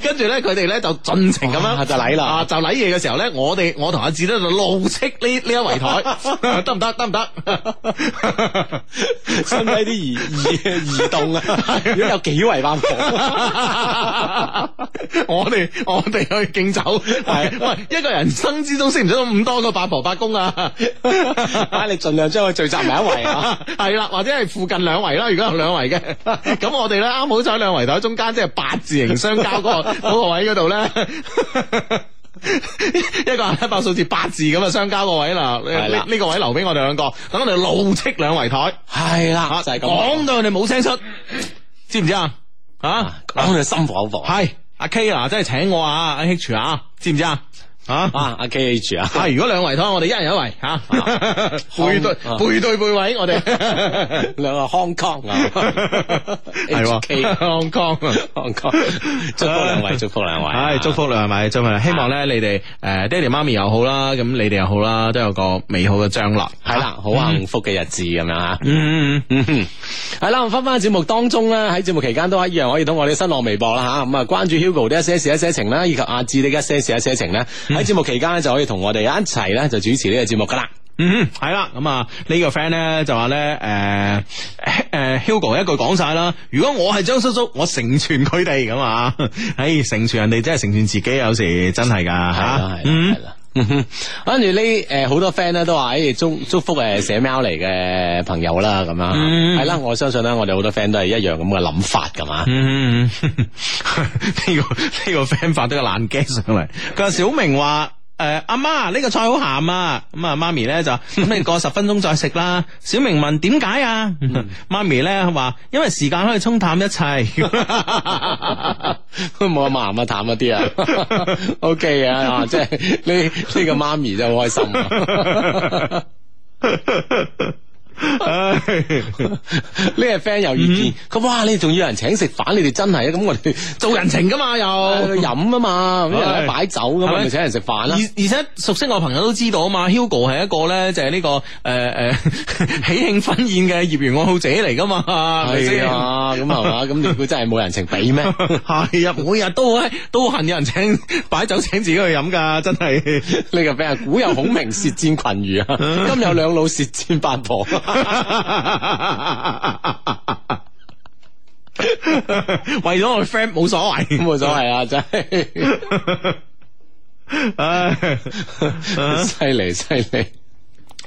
跟住咧，佢哋咧就盡情咁樣就禮啦，就禮嘢嘅時候咧，我哋我。台字咧就露斥呢呢一圍台得唔得？得唔得？身喺啲移移移動啊！如果有幾圍八婆，我哋我哋去敬酒係喂，一個人生之中識唔識咁多個八婆八公啊？你盡量將佢聚集埋一圍，係啦，或者係附近兩圍啦。如果有兩圍嘅，咁我哋咧啱好就喺兩圍台中間，即係八字形相交嗰個個位嗰度咧。 一個人一百數字八字咁啊，相交個位嗱，呢呢個位留俾我哋兩個，等我哋露斥兩圍台，係啦，就係咁講到我哋冇聲出，知唔知啊？啊，講你、啊、心服口服，係阿、啊、K 嗱、啊，真係請我啊，阿 H 啊，知唔知啊？啊啊阿 K H 啊！啊如果兩位湯，我哋一人一位，吓，背對背對背位，我哋兩個康康啊，係喎，Hong Kong，Hong Kong，祝福兩位，祝福兩位，係祝福兩位，祝福希望咧，你哋誒爹哋媽咪又好啦，咁你哋又好啦，都有個美好嘅將來，係啦，好幸福嘅日子咁樣吓。嗯嗯嗯嗯，係啦，翻翻節目當中咧，喺節目期間都一樣可以通過你新浪微博啦吓，咁啊關注 Hugo 啲一些事一些情啦，以及阿志啲一些事一些情咧。喺節目期間咧就可以同我哋一齊咧就主持呢個節目噶啦，嗯，係啦，咁啊、這個、呢個 friend 咧就話咧，誒、呃，誒、呃呃、，Hugo 一句講晒啦，如果我係張叔叔，我成全佢哋咁啊，唉、哎，成全人哋真係成全自己，有時真係噶吓，係、啊、啦。跟住呢，誒好多 friend 咧都話，誒祝祝福誒寫貓嚟嘅朋友啦，咁樣係啦。我相信咧，我哋好多 friend 都係一樣咁嘅諗法噶嘛。呢個呢個 friend 發咗個爛 gag 上嚟，佢話小明話。誒、呃，阿媽呢、這個呢個菜好鹹啊，咁啊媽咪咧就咁、 嗯、你過十分鐘再食啦。小明問點解啊？ 媽咪咧話，因為時間可以沖淡一切，都冇咁鹹啊，媽媽淡一啲啊。 OK 啊，即係你呢個媽咪真係好開心、啊。 呢個 friend 又遇見佢，嗯、哇！你仲要有人請食飯，你哋真係啊，咁我哋做人情噶嘛，又飲啊嘛，又擺、啊、酒咁，咪請嗎人食飯啦。而而且熟悉我朋友都知道啊嘛，Hugo 係一個咧就係呢、這個誒誒、呃呃、喜慶婚宴嘅業餘愛好者嚟噶嘛，係啊，咁係嘛，咁如果真係冇人情俾咩？係啊，啊，每日都都恨有人請擺酒請自己去飲噶，真係呢個 friend，古有孔明舌戰群儒啊，今有兩老舌戰八婆。為咗我 friend 冇所謂，冇所謂啊，真係，唉，犀利犀利。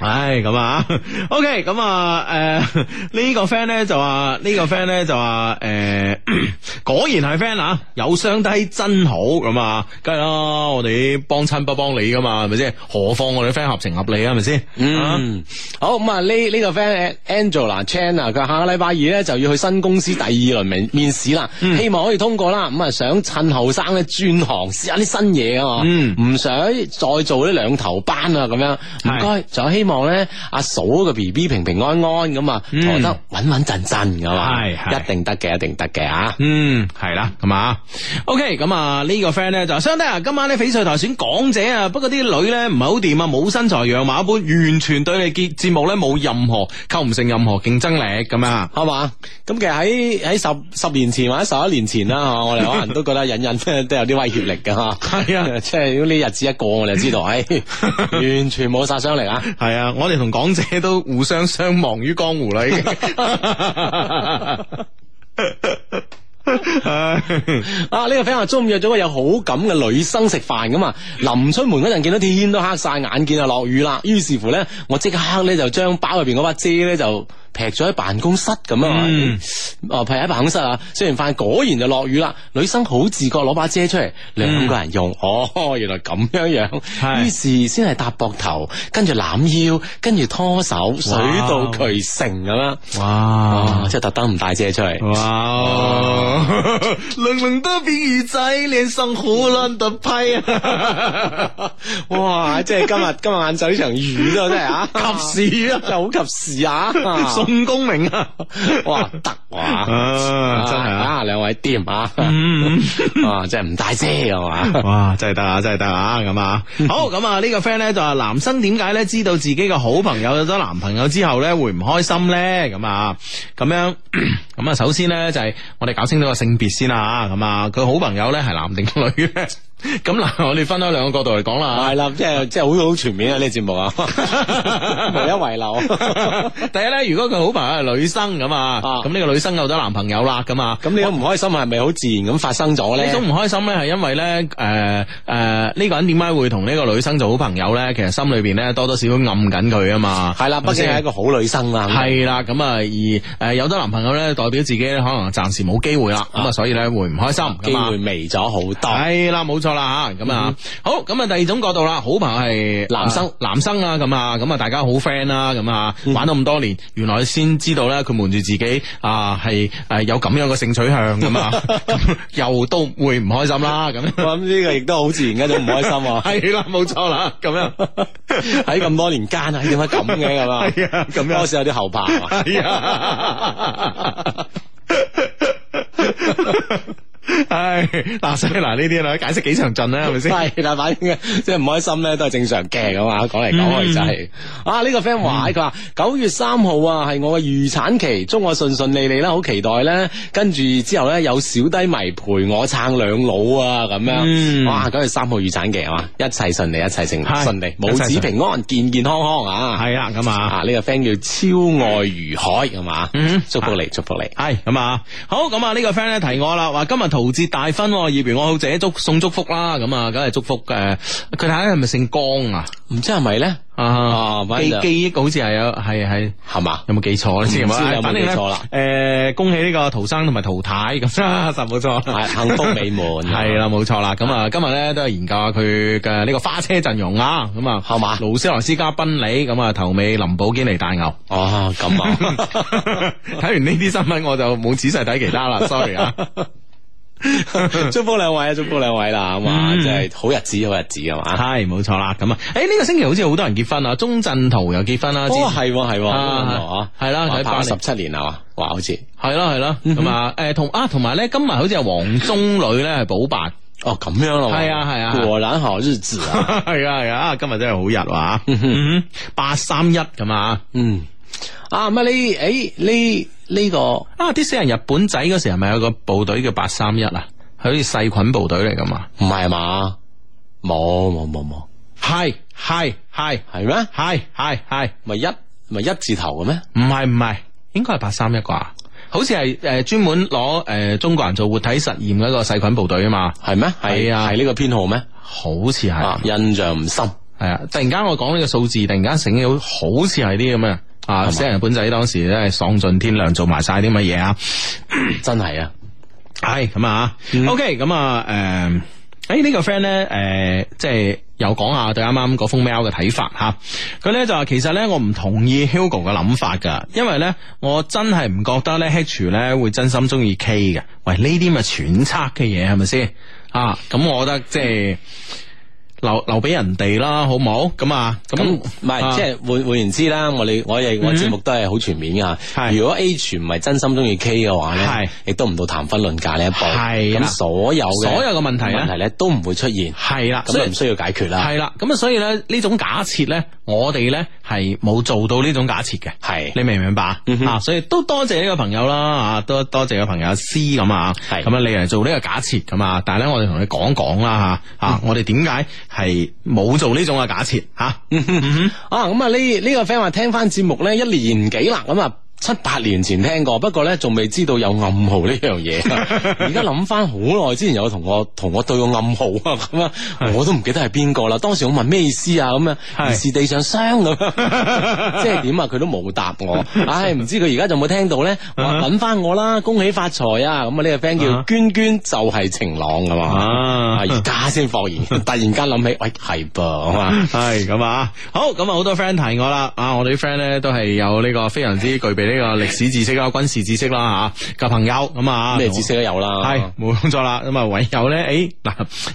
唉咁啊，OK，咁啊，誒、呃，這個、呢、這個 friend 咧，就話，呢個 friend 咧，就話，誒，果然係 friend 啊，有相低真好，咁啊，梗係啦，我哋幫親不幫你噶嘛，係咪先？何況我哋 friend 合情合理、嗯、啊，係咪先？嗯，好，咁啊，呢呢個 friend Angela Chan 啊，佢下個禮拜二咧就要去新公司第二輪面面試啦，嗯、希望可以通過啦，咁啊，想趁後生咧轉行試下啲新嘢，啊，嘛嗯唔想再做呢兩頭班啊，咁樣，唔該的，仲有希望。希望咧阿嫂個 B B 平平安安咁啊，覺得穩穩陣陣噶嘛，係一定得嘅，嗯、一定得嘅啊，嗯係啦，係啊、嗯。OK 咁啊呢個 friend 咧就相對啊今晚咧翡翠台選港姐啊，不過啲女咧唔係好掂啊，冇身材樣貌一般，會完全對你節節目咧冇任何構唔成任何競爭力咁啊，好嘛，咁、嗯、其實喺喺十十年前或者十一年前啦 我哋可能都覺得隱隱都有啲威脅力嘅吓，係啊 說，即係如果呢日子一過我哋就知道，哎，完全冇殺傷力啊，係啊。す我哋同港姐都互相相忘於江湖啦，已經。 啊，呢、這個 friend 話中午約咗個有好感嘅女生食飯噶嘛，臨出門陣見到天都黑晒，眼見就落雨啦。於是乎咧，我即刻咧就將包入邊嗰把遮咧就。劈咗喺辦公室咁啊！哦、嗯，劈喺辦公室啊！食完飯果然就落雨啦。女生好自覺攞把遮出嚟，兩、嗯、個人用哦。原來咁樣樣，於是先係搭膊頭，跟住攬腰，跟住拖手，水到渠成咁樣。哇！即係特登唔帶遮出嚟。哇！零零都變雨仔，臉上好難特批啊！哇！即係今日今日晏晝呢場雨咯，真係啊！及時啊，就好及時啊！咁公明啊！哇，得哇，真係啊，兩位掂啊，啊，真係唔帶遮啊嘛，哇，真係得啊，真係得啊，咁啊，好咁啊，呢個 friend 咧就話男生點解咧知道自己個好朋友有咗男朋友之後咧會唔開心咧？咁啊，咁樣咁啊，首先咧就係、是、我哋搞清楚個性別先啦，吓咁啊，佢、啊、好朋友咧係男定女咧？咁嗱，我哋分開兩個角度嚟講啦，係啦，即係即係好好全面啊！呢個節目啊，無一遺漏。第一咧，如果佢好朋友係女生咁啊，咁呢個女生有咗男朋友啦，咁啊，咁呢種唔開心係咪好自然咁發生咗咧？呢種唔開心咧，係因為咧，誒誒，呢個人點解會同呢個女生做好朋友咧？其實心裏邊咧多多少少暗緊佢啊嘛。係啦，畢竟係一個好女生啊。係啦，咁啊，而誒有咗男朋友咧，代表自己可能暫時冇機會啦，咁啊，所以咧會唔開心，機會微咗好多。係啦，冇錯。啦吓，咁 啊樂、嗯嗯、好，咁、嗯、啊第二種角度啦，好朋友係男生、啊、男生啊，咁啊咁啊大家好 friend 啦，咁啊玩咗咁多年，原來先知道咧，佢瞞住自己啊係誒、啊、有咁樣嘅性取向咁啊，又都會唔開心啦，咁咁呢個亦都好自然嘅一種唔開心、啊，係 啦，冇錯啦，咁樣喺咁多年間啊，點解咁嘅咁啊，咁樣好似有啲後怕。 唉，嗱嗱呢啲咧解釋幾詳盡咧，係咪先？係，但反應嘅，即係唔開心咧，都係正常嘅咁啊。講嚟講去就係，啊呢個 friend 話，佢話九月三號啊係我嘅預產期，祝我順順利利啦，好期待咧。跟住之後咧有小低迷陪我撐兩老啊，咁樣哇！九月三號預產期係嘛，一切順利，一切成順利，母子平安，健健康康啊！係啊，咁啊，呢個 friend 叫超愛如海，係嘛？祝福你，祝福你，係咁啊！好，咁啊呢個 friend 咧提我啦，話今日。陶喆大婚，業餘愛好者祝送祝福啦，咁啊，梗係祝福嘅。佢睇下係咪姓江啊？唔知係咪咧？啊，記記憶好似係有，係係係嘛？有冇記錯咧？唔知有冇記錯啦？誒，恭喜呢個陶生同埋陶太咁啊！實冇錯，幸福美滿，係啦，冇錯啦！咁啊，今日咧都係研究下佢嘅呢個花車陣容啊！咁啊，係嘛？勞斯萊斯加賓利，咁啊頭尾林寶堅尼大牛哦！咁啊，睇完呢啲新聞我就冇仔細睇其他啦，sorry 啊！祝福兩位啊，祝福兩位啦，咁嘛，即係好日子，好日子啊嘛，係冇錯啦，咁啊，誒呢個星期好似好多人結婚啊，鍾鎮濤又結婚啦，哦係係，係啦，佢喺八十七年係嘛，哇好似，係咯係咯，咁啊，誒同啊同埋咧今日好似係黃宗偉咧係補辦，哦咁樣咯，係啊係啊，果然好日子啊，係啊係啊，今日真係好日啊，八三一咁啊，嗯，啊咁啊你誒你。呢、呢個啊啲死人日本仔嗰時係咪有個部隊叫八三一啊？係好似細菌部隊嚟噶嘛？唔係嘛？冇冇冇冇，係係係係咩？係係係，咪一咪一字頭嘅咩？唔係唔係，應該係八三一啩？好似係誒專門攞誒、呃、中國人做活體實驗嗰個細菌部隊啊嘛？係咩嗎？係是啊，係呢個編號咩？好似像係、啊，印象唔深係啊！突然間我講呢個數字，突然間醒起好似係啲咁嘅。啊！死人本仔當時咧係喪盡天良，做埋晒啲乜嘢啊？真係、哎、啊，係咁啊！OK，咁啊，誒、呃，誒、欸這個、呢個 friend 咧，誒、呃，即係又講下對啱啱嗰封 mail 嘅睇法吓。佢、啊、咧就話，其實咧我唔同意 Hugo 嘅諗法噶，因為咧我真係唔覺得咧 H 咧會真心中意 K 嘅。喂，是是呢啲咪揣測嘅嘢係咪先啊？咁我覺得即係。嗯留留俾人哋啦，好唔好？咁啊，咁唔係，即係換換言之啦，我哋我哋我節目都係好全面噶。如果 A 全唔係真心中意 K 嘅話咧，係亦都唔到談婚論嫁呢一步。係咁所有所有嘅問題咧，都唔會出現。係啦，需唔需要解決啦？係啦，咁啊，所以咧呢種假設咧，我哋咧係冇做到呢種假設嘅。係你明唔明白？吓，所以都多謝呢個朋友啦。啊，都多謝個朋友 C 咁啊。係咁啊，你嚟做呢個假設咁啊，但係咧，我哋同你講講啦吓吓，我哋點解？係冇做呢種嘅假設吓，嗯哼哼哼，啊咁 啊呢呢個 friend 話聽翻節目咧一年幾啦咁啊。七八年前聽過，不過咧仲未知道有暗號呢樣嘢。而家諗翻好耐，之前有同我同我對過暗號啊，咁啊，我都唔記得係邊個啦。當時我問咩意思啊，咁樣，疑是地上霜咁， 即係點啊？佢都冇答我。唉，唔知佢而家仲冇聽到咧。揾翻我啦，恭喜發財啊！咁啊，呢個 friend 叫娟娟，就係晴朗噶嘛。啊，而家先放言，突然間諗起，喂，係噃，係咁啊，好咁啊， 好多 friend 提我啦。啊，我哋啲 friend 咧都係有呢個非常之具備。呢個歷史知識啦、軍事知識啦吓，個朋友咁啊，咩知識都有啦。係冇工作啦，咁啊，唯有咧，誒，嗱，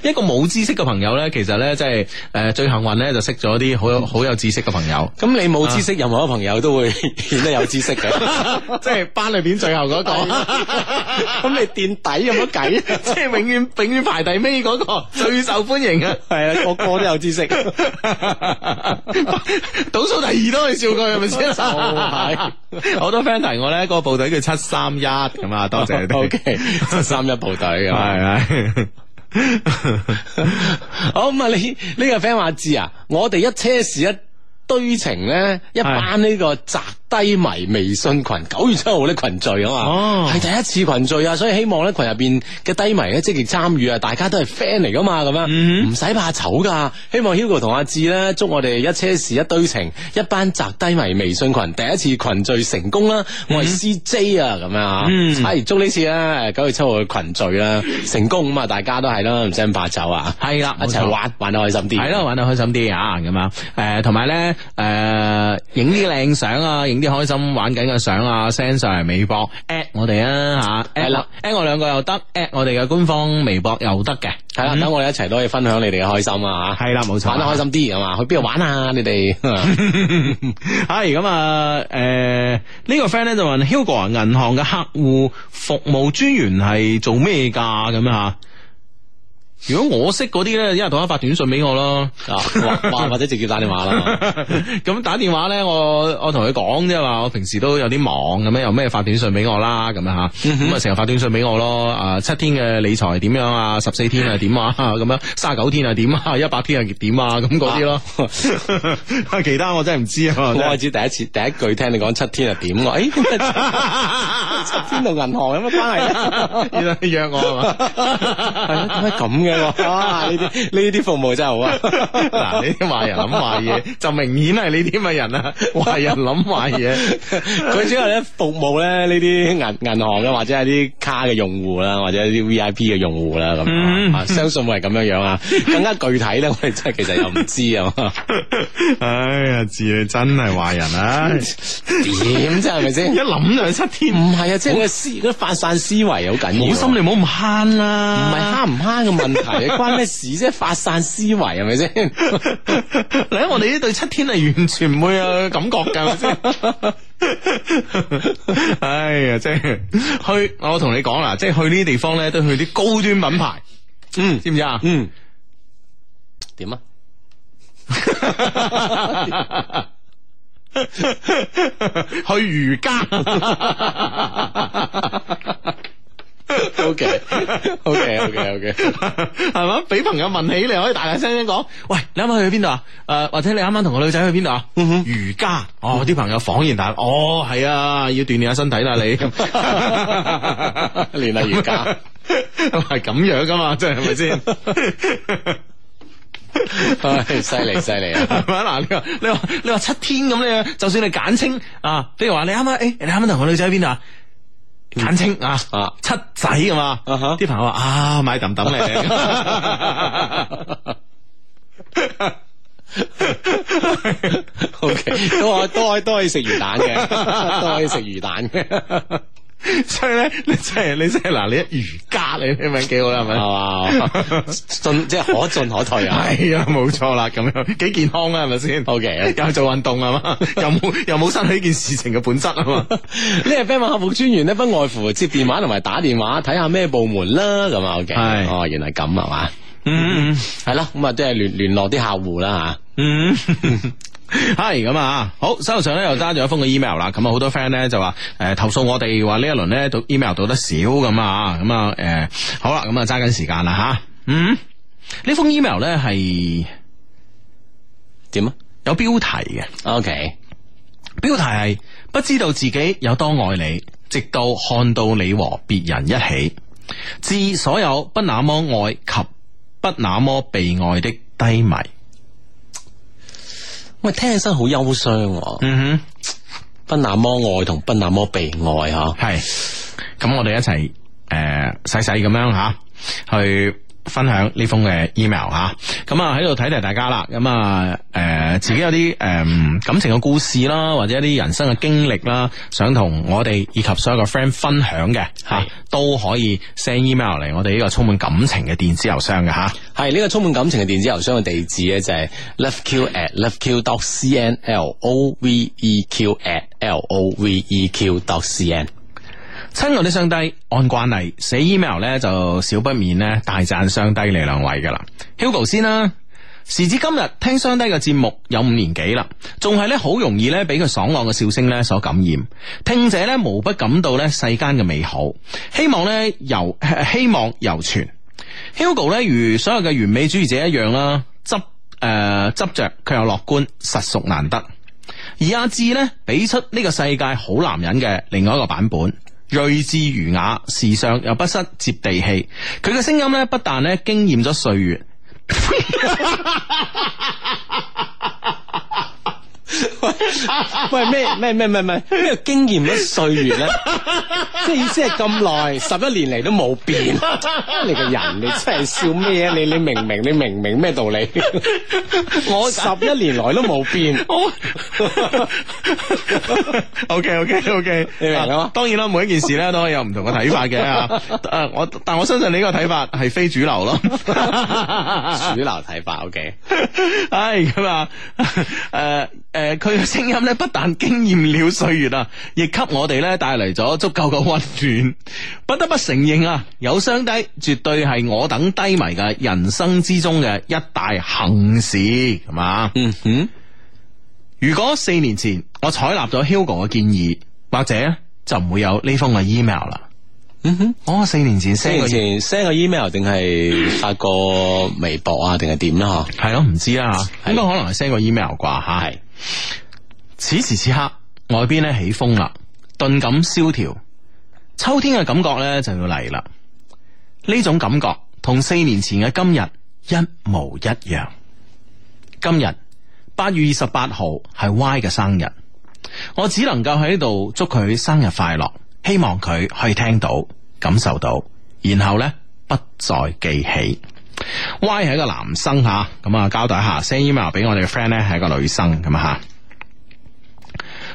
一個冇知識嘅朋友咧，其實咧，即係誒，最幸運咧就識咗啲好有好有知識嘅朋友。咁你冇知識，任何朋友都會顯得有知識嘅，即係班裏邊最後嗰個，咁你墊底有乜計？即係永遠永遠排第尾嗰個最受歡迎啊！係啊，個個都有知識，倒數第二都可以笑佢，係咪先？係。好 多 friend 提我咧，嗰、嗰個部隊叫七三一咁啊，多謝你，你哋。OK，七三一部隊咁，係咪好咁啊，你呢個 friend 話知啊，我哋一車時一。些情咧一班呢、這個宅低迷微信群九月七號咧群聚啊嘛，係、oh。第一次群聚啊，所以希望咧群入邊嘅低迷咧積極參與啊，大家都係 friend 嚟噶嘛，咁樣唔使、mm hmm。怕醜噶。希望 Hugo 同阿志咧祝我哋一些事一些情一班宅低迷微信群第一次群聚成功啦，我係 C J 啊咁樣啊，哎、mm hmm。祝呢次啊九月七號嘅群聚啦成功啊嘛，大家都係啦，唔使咁怕醜 了錯啊，係啦，一齊玩玩得開心啲，係咯玩得開心啲 啊咁樣，誒同埋咧。誒、uh,，影啲靚相啊，影啲開心玩緊嘅相啊，send 上嚟微博 at 我哋啊吓，係啦，at 我兩個又得，at 我哋嘅官方微博又得嘅，係啦，等我哋一齊都可以分享你哋嘅開心啊吓，係啦，冇 錯， 錯啊、玩得開心啲啊嘛，去邊度玩啊你哋，係咁啊，誒、呃，呢個 friend 咧就問，香港銀行嘅客戶服務專員係做咩噶咁樣吓？如果我識嗰啲咧，一係同佢發短信俾我咯，或或者直接打電話啦。咁打電話咧，我我同佢講啫嘛。我平時都有啲忙咁樣，又咩發短信俾我啦咁樣吓，咁啊成日發短信俾我咯。啊七天嘅理財點樣啊？十四天啊點啊？咁樣三十九天啊點啊？一百天啊點啊？咁嗰啲咯。其他我真係唔知啊。我開始第一次第一句聽你講七天啊點啊？誒，七天同銀行有乜關係咧？原來係約我係嘛？係咩咁嘅？哇呢啲呢啲服務真係好啊！嗱，呢啲壞人諗壞嘢，就明顯係呢啲乜人啊？壞人諗壞嘢，佢只係咧服務咧呢啲銀銀行啦，或者係啲卡嘅用戶啦，或者啲 V I P 嘅用戶啦咁啊，相信會係咁樣樣啊，更加具體咧，我哋真係其實又唔知啊！哎呀，字你真係壞人啊！點啫？係咪先？一諗兩七添，唔係啊，即係思嗰發散思維好緊要，冇心你唔好唔慳啦，唔係慳唔慳嘅問。關咩事啫？發散思維係咪先？嚟，我哋呢對七天係完全唔會有感覺噶，係呀，即係去。我同你講啦，即係去呢啲地方咧，都去啲高端品牌，嗯，知唔知啊？嗯，點啊？ 去瑜伽。 O K O K O K O K 係嘛，俾朋友問起，你可以大大聲聲講，喂，你啱啱去咗邊度啊？誒、呃，或者你啱啱同個女仔去邊度啊？嗯、哼瑜伽，哦，啲朋友恍然大，哦，係啊，要鍛煉下身體啦，你練下瑜伽，係咁樣噶嘛，真係咪先？犀利犀利啊！係嗱，你話你話你話七天咁，你就算你簡稱啊，比如話你啱啱誒，你啱啱同個女仔喺邊度啊？眼睛啊，啊七仔啊嘛，啲、uh huh. 朋友話啊買抌抌嚟，O K，都可都可都可以食魚蛋嘅，都可以食魚蛋嘅。 所以咧，你即係你即係嗱，你一瑜伽你啲名幾好啦，係咪？係嘛，進即係可進可退啊。係啊，冇錯啦，咁樣幾健康啊，係咪先？O K，又做運動啊嘛，又冇又冇失去呢件事情嘅本質啊嘛。呢個電話客服專員咧，不外乎接電話同埋打電話，睇下咩部門啦。咁啊，O K。Okay, 是哦，原來咁啊嘛。嗯，係啦，咁啊，即係聯聯絡啲客戶啦吓。嗯。 係咁啊，好，手上咧又揸住一封嘅 email 啦，咁啊好多 friend 咧就話，誒投訴我哋話呢一輪咧讀 email 讀得少咁啊，咁啊，誒、呃，好啦，咁啊揸緊時間啦吓，嗯，呢封 email 咧係點啊？樣有標題嘅，OK，標題係不知道自己有多愛你，直到看到你和別人一起，致所有不那麼愛及不那麼被愛的低迷。喂，聽起身好憂傷。嗯哼，不，不、啊、那麼愛同不那麼被愛吓。係、呃，咁我哋一齊誒細細咁樣吓、啊、去。分享呢封嘅 email 吓，咁啊喺度提提大家啦，咁啊，誒自己有啲誒感情嘅故事啦，或者一啲人生嘅經歷啦，想同我哋以及所有嘅 friend 分享嘅吓，都可以 send email 嚟我哋呢個充滿感情嘅電子郵箱嘅吓。係呢個充滿感情嘅電子郵箱嘅地址咧，就係 loveq@loveq.cn loveq@loveq.cn at dot dot。親愛啲雙低，按慣例寫 email 咧，em 就少不免咧大讚雙低你兩位噶啦。Hugo 先啦，時至今日聽雙低嘅節目有五年幾啦，仲係咧好容易咧俾佢爽朗嘅笑聲咧所感染，聽者咧無不感到咧世間嘅美好。希望咧由希望由傳 Hugo 咧，如所有嘅完美主義者一樣啦，執誒執着卻又樂觀，實屬難得。而阿志咧俾出呢個世界好男人嘅另外一個版本。睿智儒雅，時尚又不失接地氣。佢嘅聲音咧，不但咧驚艷咗歲月。 喂喂咩咩咩咩咩咩經驗咗歲月咧，即係意思係咁耐十一年嚟都冇變，你個人你真係笑咩嘢？你你明唔明？你明唔明咩道理？我十一年來都冇變。O K O K O K，你明啦嘛？當然啦，每一件事咧都可以有唔同嘅睇法嘅啊。誒，我但我相信你呢個睇法係非主流咯。主流睇法 O K。唉、okay.，咁、嗯 uh, 啊誒。Uh 誒，佢嘅聲音咧不但驚艷了歲月啊，亦給我哋咧帶嚟咗足夠嘅溫暖。不得不承認啊，有相低絕對係我等低迷嘅人生之中嘅一大幸事，係嘛？嗯哼。如果四年前我採納咗 Hugo 嘅建議，或者就唔會有呢封嘅 email 啦。嗯哼。我、哦、四年前 send 前 e 個 email 定係發個微博、嗯、哼啊，定係點啦？嗬？係咯，唔知啦吓。應該可能係 send 個 email 啩？吓此時此刻，外邊咧起風啦，頓感蕭條，秋天嘅感覺咧就要嚟啦。呢種感覺同四年前嘅今日一模一樣。今日八月二十八號係 Y 嘅生日，我只能夠喺度祝佢生日快樂，希望佢可以聽到、感受到，然後咧不再記起。Y 係一個男生吓，咁啊交代下，send email 俾我哋嘅 friend 咧係一個女生咁吓。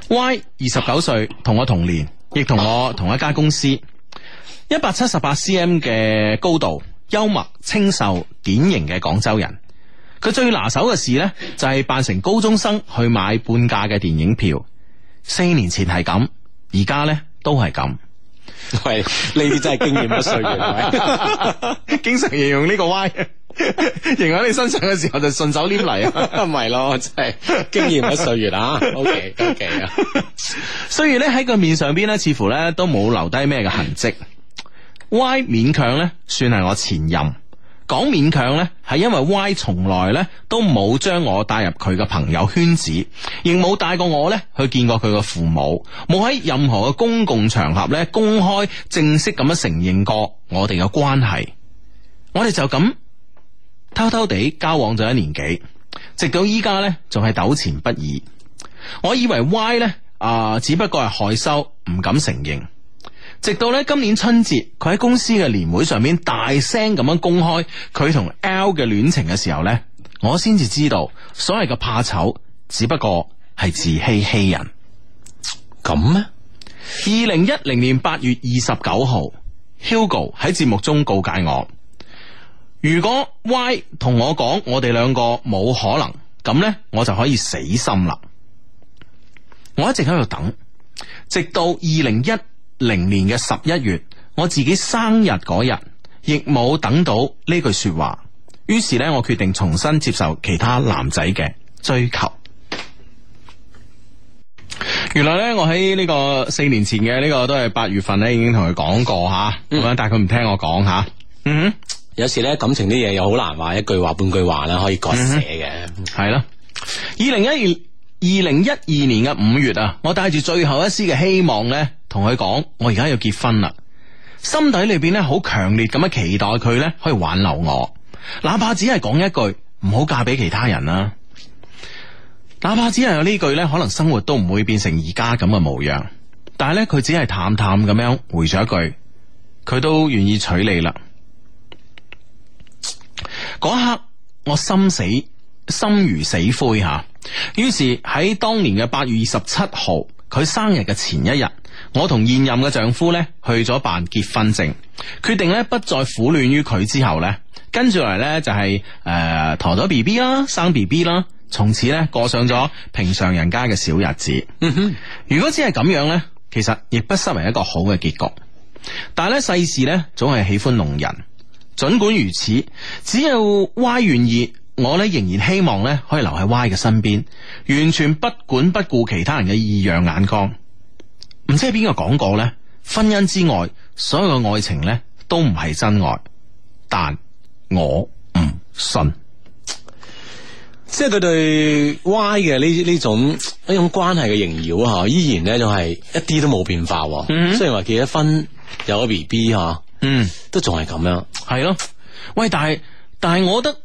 Y 二十九歲，同我同年，亦同我同一間公司，一百七十八 cm 嘅高度，幽默清秀，典型嘅廣州人。佢最拿手嘅事呢，就係扮成高中生去買半價嘅電影票。四年前係咁，而家呢都係咁。係呢啲真係經驗不歲月嘅，經常形容呢個 Y，形容喺你身上嘅時候就順手拈嚟，啊。 唔係咯，真係經驗不歲月啊！O K O K 啊，雖然咧喺個面上邊咧，似乎咧都冇留低咩嘅痕跡，嗯、，Y 勉強咧算係我前任。講勉強呢，係因為 Y 從來呢都冇將我帶入佢嘅朋友圈子，亦冇帶過我呢去見過佢嘅父母，冇喺任何嘅公共場合呢公開正式咁樣承認過我哋嘅關係。我哋就咁偷偷地交往咗一年幾，直到依家呢，仲係糾纏不已。我以為 Y 呢，啊、呃，只不過係害羞唔敢承認。直到咧今年春節，佢喺公司嘅年會上面大聲咁樣公開佢同 L 嘅戀情嘅時候咧，我先至知道所謂嘅怕醜只不過係自欺欺人。咁呢？二零一零年八月二十九號，Hugo 喺節目中告誡我：如果 Y 同我講我哋兩個冇可能，咁呢，我就可以死心啦。我一直喺度等，直到二零一。零年嘅十一月，我自己生日嗰日，亦冇等到呢句說話。於是呢，我決定重新接受其他男仔嘅追求。原來呢，我喺呢個四年前嘅呢個都係八月份呢已經同佢講過吓咁樣，但係佢唔聽我講吓，啊。嗯哼，有時呢感情啲嘢又好難話，一句話半句話啦，可以割捨嘅係咯。二零一二二零一二年嘅五月啊，我帶住最後一絲嘅希望呢，同佢講，我而家要結婚啦。心底裏邊咧，好強烈咁樣期待佢咧，可以挽留我，哪怕只係講一句唔好嫁俾其他人啦。哪怕只係有呢句咧，可能生活都唔會變成而家咁嘅模樣。但係咧，佢只係淡淡咁樣回咗一句，佢都願意娶你啦。嗰一刻，我心死，心如死灰吓。於是喺當年嘅八月二十七號，佢生日嘅前一日。我同現任嘅丈夫咧去咗辦結婚證，決定咧不再苦戀於佢之後咧，跟住嚟咧就係、是、誒，陀咗 B B 啦，BB, 生 B B 啦，從此咧過上咗平常人家嘅小日子。 如果只係咁樣咧，其實亦不失為一個好嘅結局。但係咧，世事咧總係喜歡弄人。盡管如此，只有 Y 願意，我咧仍然希望咧可以留喺 Y 嘅身邊，完全不管不顧其他人嘅異樣眼光。唔知係邊個講過咧，婚姻之外所有嘅愛情咧都唔係真愛，但我唔信。即係佢對 Y 嘅呢呢種呢種關係嘅形擾啊，依然咧就係一啲都冇變化。Mm hmm. 雖然話結咗婚，有咗 B B 啊，嗯、mm，hmm. 都仲係咁樣。係咯，喂，但係。但係我覺得，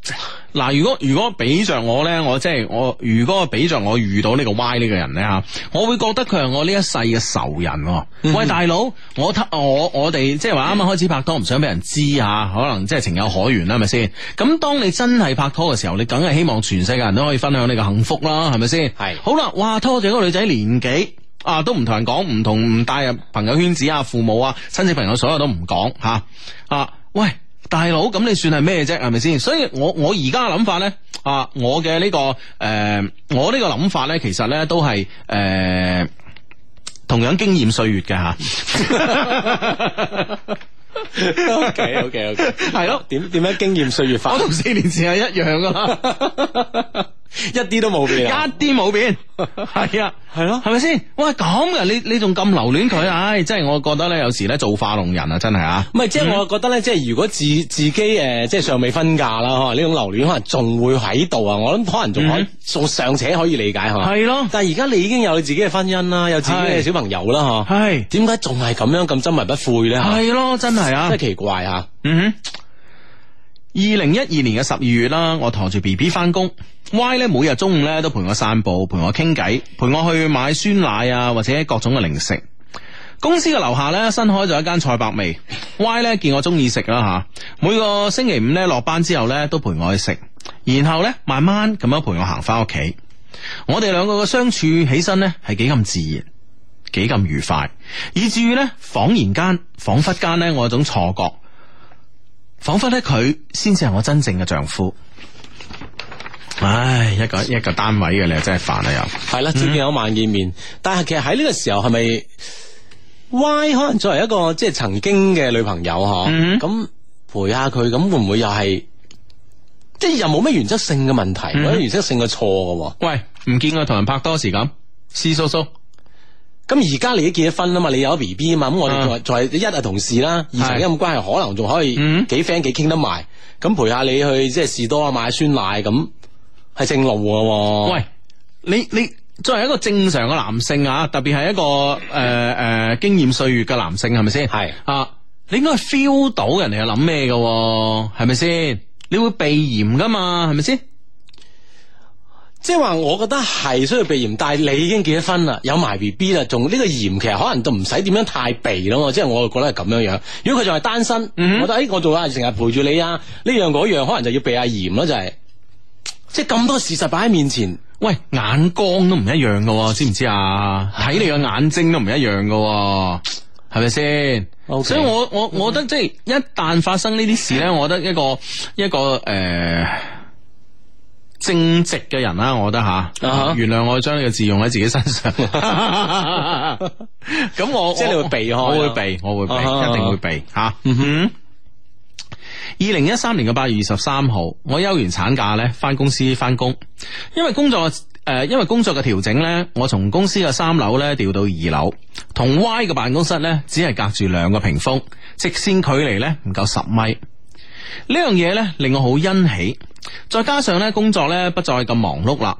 嗱，如果如果俾着我呢，我即係我，如果俾着我遇到呢個 Y 呢個人呢，吓，我會覺得佢係我呢一世嘅仇人喎。嗯哼。喂，大佬，我我我哋即係話啱啱開始拍拖，唔想俾人知吓，可能即係情有可原啦，係咪先？咁當你真係拍拖嘅時候，你梗係希望全世界人都可以分享你嘅幸福啦，係咪先？係。好啦，哇，拖住個女仔年紀啊，都唔同人講，唔同唔帶入朋友圈子啊，父母啊，親戚朋友，所有都唔講吓啊，喂。大佬，咁你算係咩啫？係咪先？所以我我而家嘅諗法咧，啊，我嘅呢、這個誒、呃，我個呢個諗法咧，其實咧都係誒、呃，同樣經驗歲月嘅吓。O K O K O K，係咯？點點樣樣經驗歲月法？我同四年前係一樣噶啦。 一啲都冇變， 一啲冇沒變，係 啊，係咯，係咪先？哇，咁啊，你你仲咁留戀佢，唉， 真係我覺得咧，有時咧造化弄人啊，真係啊，唔係即係我覺得咧，mm hmm. 即係如果自自己誒，即係尚未婚嫁啦，呢種留戀可能仲會喺度啊。我諗、mm hmm. 可能仲喺尚且可以理解嗬，係咯。但係而家你已經有你自己嘅婚姻啦，有自己嘅小朋友啦，吓 是，係點解仲係咁樣咁執迷不悔咧？係咯， 真係啊，真係奇怪啊。嗯哼、mm，二零一二年嘅十二月啦，我堂住 B B 返工。Y 咧每日中午咧都陪我散步，陪我傾偈，陪我去買酸奶啊，或者各種嘅零食。公司嘅樓下咧新開咗一間菜百味，Y 咧見我中意食啦吓，每個星期五咧落班之後咧都陪我去食，然後咧慢慢咁樣陪我行翻屋企。我哋兩個嘅相處起身咧係幾咁自然，幾咁愉快，以至於咧恍然間、恍惚間咧我有種錯覺，仿佛咧佢先至係我真正嘅丈夫。唉，一個一個單位嘅你真係煩啊！又係啦，見面、嗯、有晚見面，但係其實喺呢個時候係咪？Y 可能作為一個即係曾經嘅女朋友嗬，咁、嗯啊、陪下佢咁會唔會又係即係又冇咩原則性嘅問題，冇咩、嗯、原則性嘅錯嘅？嗯、喂，唔見我同人拍拖時咁私叔叔，咁，而家你都結咗婚啦嘛，你有 B B 啊嘛，咁我哋再、嗯、一係同事啦，以前層咁關係是可能仲可以幾 friend 幾傾得埋，咁陪下你去即係士多啊，買酸奶咁。係正路嘅，啊，喂！你你作為一個正常嘅男性啊，特別係一個誒誒、呃呃、經驗歲月嘅男性，係咪先？係是啊，你應該 feel 到人哋係諗咩嘅，係咪先？你會避嫌噶嘛，係咪先？即係話，我覺得係需要避嫌，但係你已經結咗婚啦，有埋 B B 啦，仲呢個嫌其實可能都唔使點樣太避咯，即係我就覺得係咁樣樣。如果佢仲係單身，mm hmm. 我覺得誒、哎，我仲係成日陪住你啊，呢樣嗰樣，樣，樣，可能就要避下嫌咯，就係、是。即係咁多事實擺喺面前，喂，眼光都唔一樣㗎喎，知唔知啊？睇 你嘅眼睛都唔一樣㗎喎，係咪先？Okay. 所以我我我覺得即係一旦發生呢啲事咧， 我覺得一個一個誒、呃、正直嘅人啦，我覺得吓，啊 uh huh. 原諒我將呢個字用喺自己身上。咁 我 即係你會避開，我會避，我會避，一定會避吓。Huh. Uh huh. 二零一三年嘅八月二十三號，我休完產假呢返公司返工。因為工作誒、呃，因為工作嘅調整呢，我從公司嘅三樓呢調到二樓，同 Y 嘅辦公室呢只係隔住兩個屏風，直線距離呢唔夠十米。呢樣嘢呢令我好欣喜，再加上呢工作呢不再咁忙碌啦，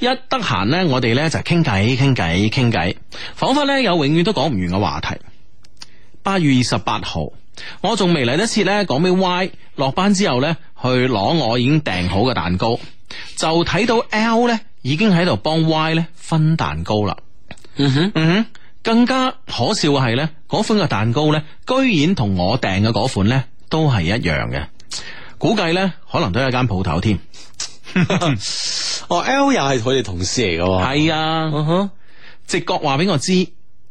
一得閒呢我哋呢就傾偈傾偈傾偈，仿佛呢有永遠都講唔完嘅話題。八月二十八號。我仲未嚟得切咧，講俾 Y 落班之後咧，去攞我已經訂好嘅蛋糕，就睇到 L 咧已經喺度幫 Y 咧分蛋糕啦。嗯哼，嗯哼，更加可笑係咧，嗰款嘅蛋糕咧，居然同我訂嘅嗰款咧都係一樣嘅，估計咧可能都係間鋪頭添。 哦，L 又係佢哋同事嚟㗎，係啊的，嗯哼，直覺話俾我知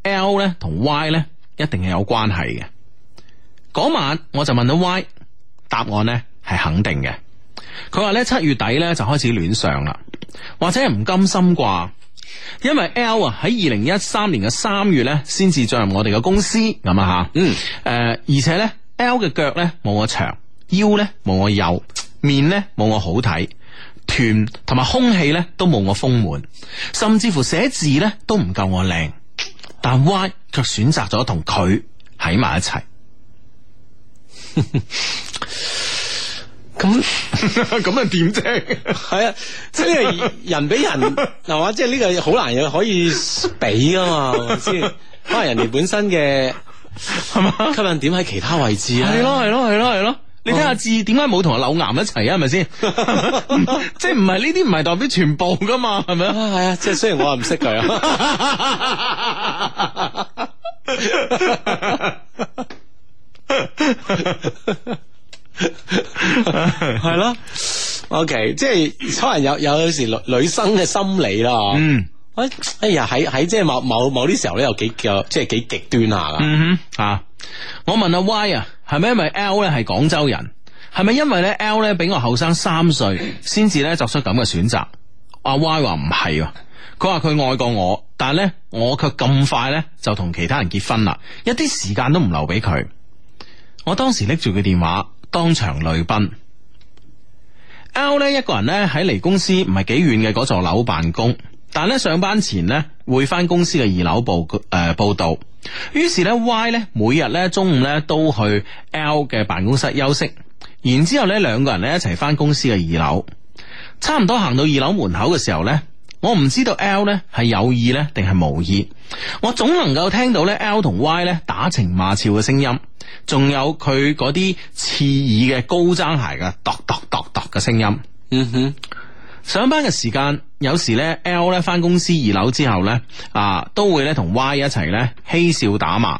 ，L 咧同 Y 咧一定係有關係嘅。嗰晚我就問到 Y，答案咧係肯定嘅。佢話咧七月底咧就開始戀上啦，或者唔甘心啩？因為 L 啊喺二零一三年嘅三月咧先至進入我哋嘅公司咁啊，吓嗯誒、呃，而且咧 L 嘅腳咧冇我長，腰咧冇我幼，面咧冇我好睇，臀同埋胸器咧都冇我豐滿，甚至乎寫字咧都唔夠我靚，但 Y 卻選擇咗同佢喺埋一齊。咁咁啊點啫？係 啊，即係人比人嗱，我、 啊、即係呢個好難又可以比噶嘛，係咪先？可能人哋本身嘅係嘛吸引點喺其他位置啊？係咯、 啊，係咯、啊，係咯、啊，係咯、啊。啊啊、 你睇下字，點解冇同阿柳岩一齊啊？係咪先？ 即係唔係呢啲唔係代表全部噶嘛？係咪啊？係 啊。即係雖然我唔識佢啊。 係咯，O K，即係可能有有時女女生嘅心理啦。嗯，哎呀，喺喺即係某某某啲時候咧，有幾叫即係幾極端下噶。嗯哼，啊，我問阿 Y 啊，係咪因為 L 咧係廣州人？係咪因為咧 L 咧比我後生三歲，先至咧作出咁嘅選擇？ 阿 Y 話唔係啊，佢話佢愛過我，但係咧我卻咁快咧就同其他人結婚啦，一啲時間都唔留俾佢。我當時拎住佢電話，當場淚奔。L 咧一個人咧喺離公司唔係幾遠嘅嗰座樓辦公，但咧上班前咧會翻公司嘅二樓報誒、呃、報到。於是咧 Y 咧每日咧中午咧都去 L 嘅辦公室休息，然之後咧兩個人咧一齊翻公司嘅二樓，差唔多行到二樓門口嘅時候咧。我唔知道 L 咧係有意咧定係無意，我總能夠聽到咧 L 同 Y 咧打情罵俏嘅聲音，仲有佢嗰啲刺耳嘅高踭鞋嘅度度度度嘅聲音。嗯哼、mm，hmm. 上班嘅時間有時咧，L 咧翻公司二樓之後咧啊，都會咧同 Y 一齊咧嬉笑打罵。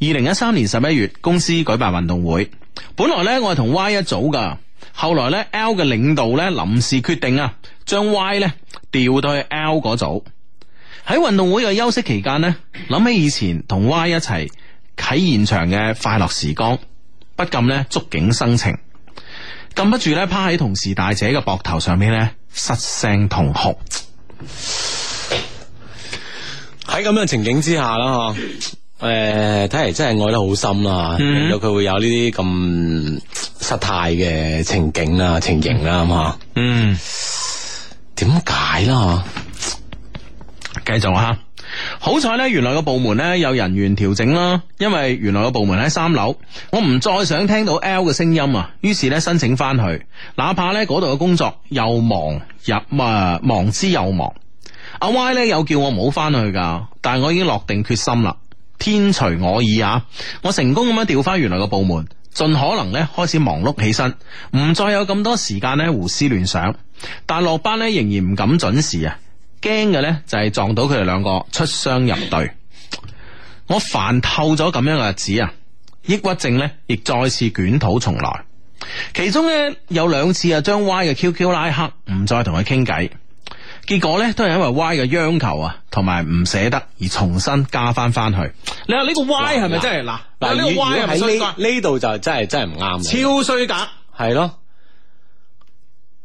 二零一三年十一月，公司舉辦運動會，本來咧我係同 Y 一組噶，後來咧 L 嘅領導咧臨時決定啊。將 Y 咧調到去 L 嗰組，喺運動會嘅休息期間呢，諗起以前同 Y 一齊喺現場嘅快樂時光，不禁咧觸景生情，禁不住咧趴喺同事大姐嘅膊頭上邊咧失聲痛哭。喺咁嘅情景之下啦，誒、呃，睇嚟真係愛得好深啦，令到佢會有呢啲咁失態嘅情景啊情形啦，係嘛、mm？Hmm. 嗯。點解啦？繼續吓，好彩呢，原來個部門呢，有人員調整啦，因為原來個部門喺三樓，我唔再想聽到 L 嘅聲音啊，於是呢，申請翻去，哪怕呢嗰度嘅工作又忙，入啊忙之又忙。阿 Y 呢，又叫我唔好翻去噶，但係我已經落定決心啦，天隨我意啊！我成功咁樣調翻原來個部門。盡可能咧開始忙碌起身，唔再有咁多時間咧胡思亂想，但落班咧仍然唔敢準時啊！驚嘅咧就係撞到佢哋兩個出雙入對，我煩透咗咁樣嘅日子啊！抑鬱症咧亦再次捲土重來，其中咧有兩次啊，將 Y 嘅 QQ 拉黑，唔再同佢傾偈。結果咧都係因為 Y 嘅央求啊，同埋唔捨得而重新加翻翻去。你話呢個 Y 係咪真係嗱嗱呢個 Y 喺呢度就真係真係唔啱，超衰格，係咯。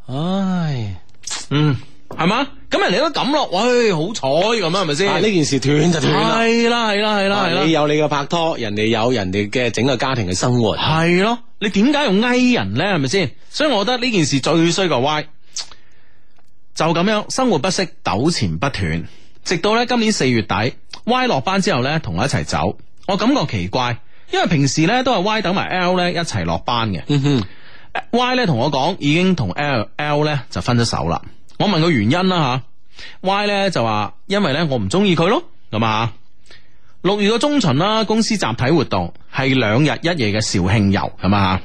唉，嗯，係嘛？咁人哋都咁落，唉、哎，好彩咁啊？係咪先？呢件事斷就斷啦。係啦，係啦，係、啊、啦。你有你嘅拍拖，人哋有人哋嘅整個家庭嘅生活。係咯，你點解用欺人咧？係咪先？所以我覺得呢件事最衰就係 Y。就咁樣生活不息，糾纏不斷，直到咧今年四月底，Y 落班之後咧，同我一齊走。我感覺奇怪，因為平時咧都係 Y 等埋 L 咧一齊落班嘅。嗯哼，Y 咧同我講，已經同 L L 咧就分咗手啦。我問個原因啦吓，啊，Y 咧就話因為咧我唔中意佢咯，係嘛。六月個中旬啦，公司集體活動係兩日一夜嘅肇慶遊，係嘛。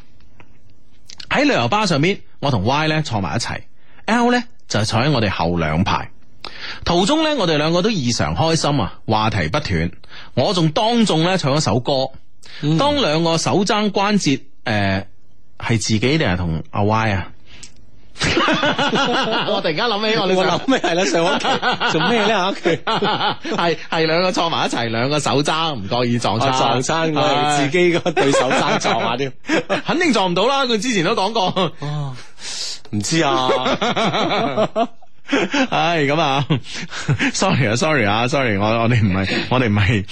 喺旅遊巴上面，我同 Y 咧坐埋一齊，L 咧。就坐喺我哋後兩排，途中咧，我哋兩個都異常開心啊，話題不斷。我仲當眾咧唱咗首歌。嗯、當兩個手踭關節，誒、呃，係自己定係同阿 Y 啊？ 我突然間諗起我呢首，諗咩？係啦，上屋企做咩咧？屋企係係兩個坐埋一齊，兩個手踭，唔覺意撞、啊、撞我哋自己個對手踭撞下添， 肯定撞唔到啦。佢之前都講過。 唔知啊，唉、 哎，咁啊 ，sorry 啊，sorry 啊，sorry，我我哋唔係，我哋唔係，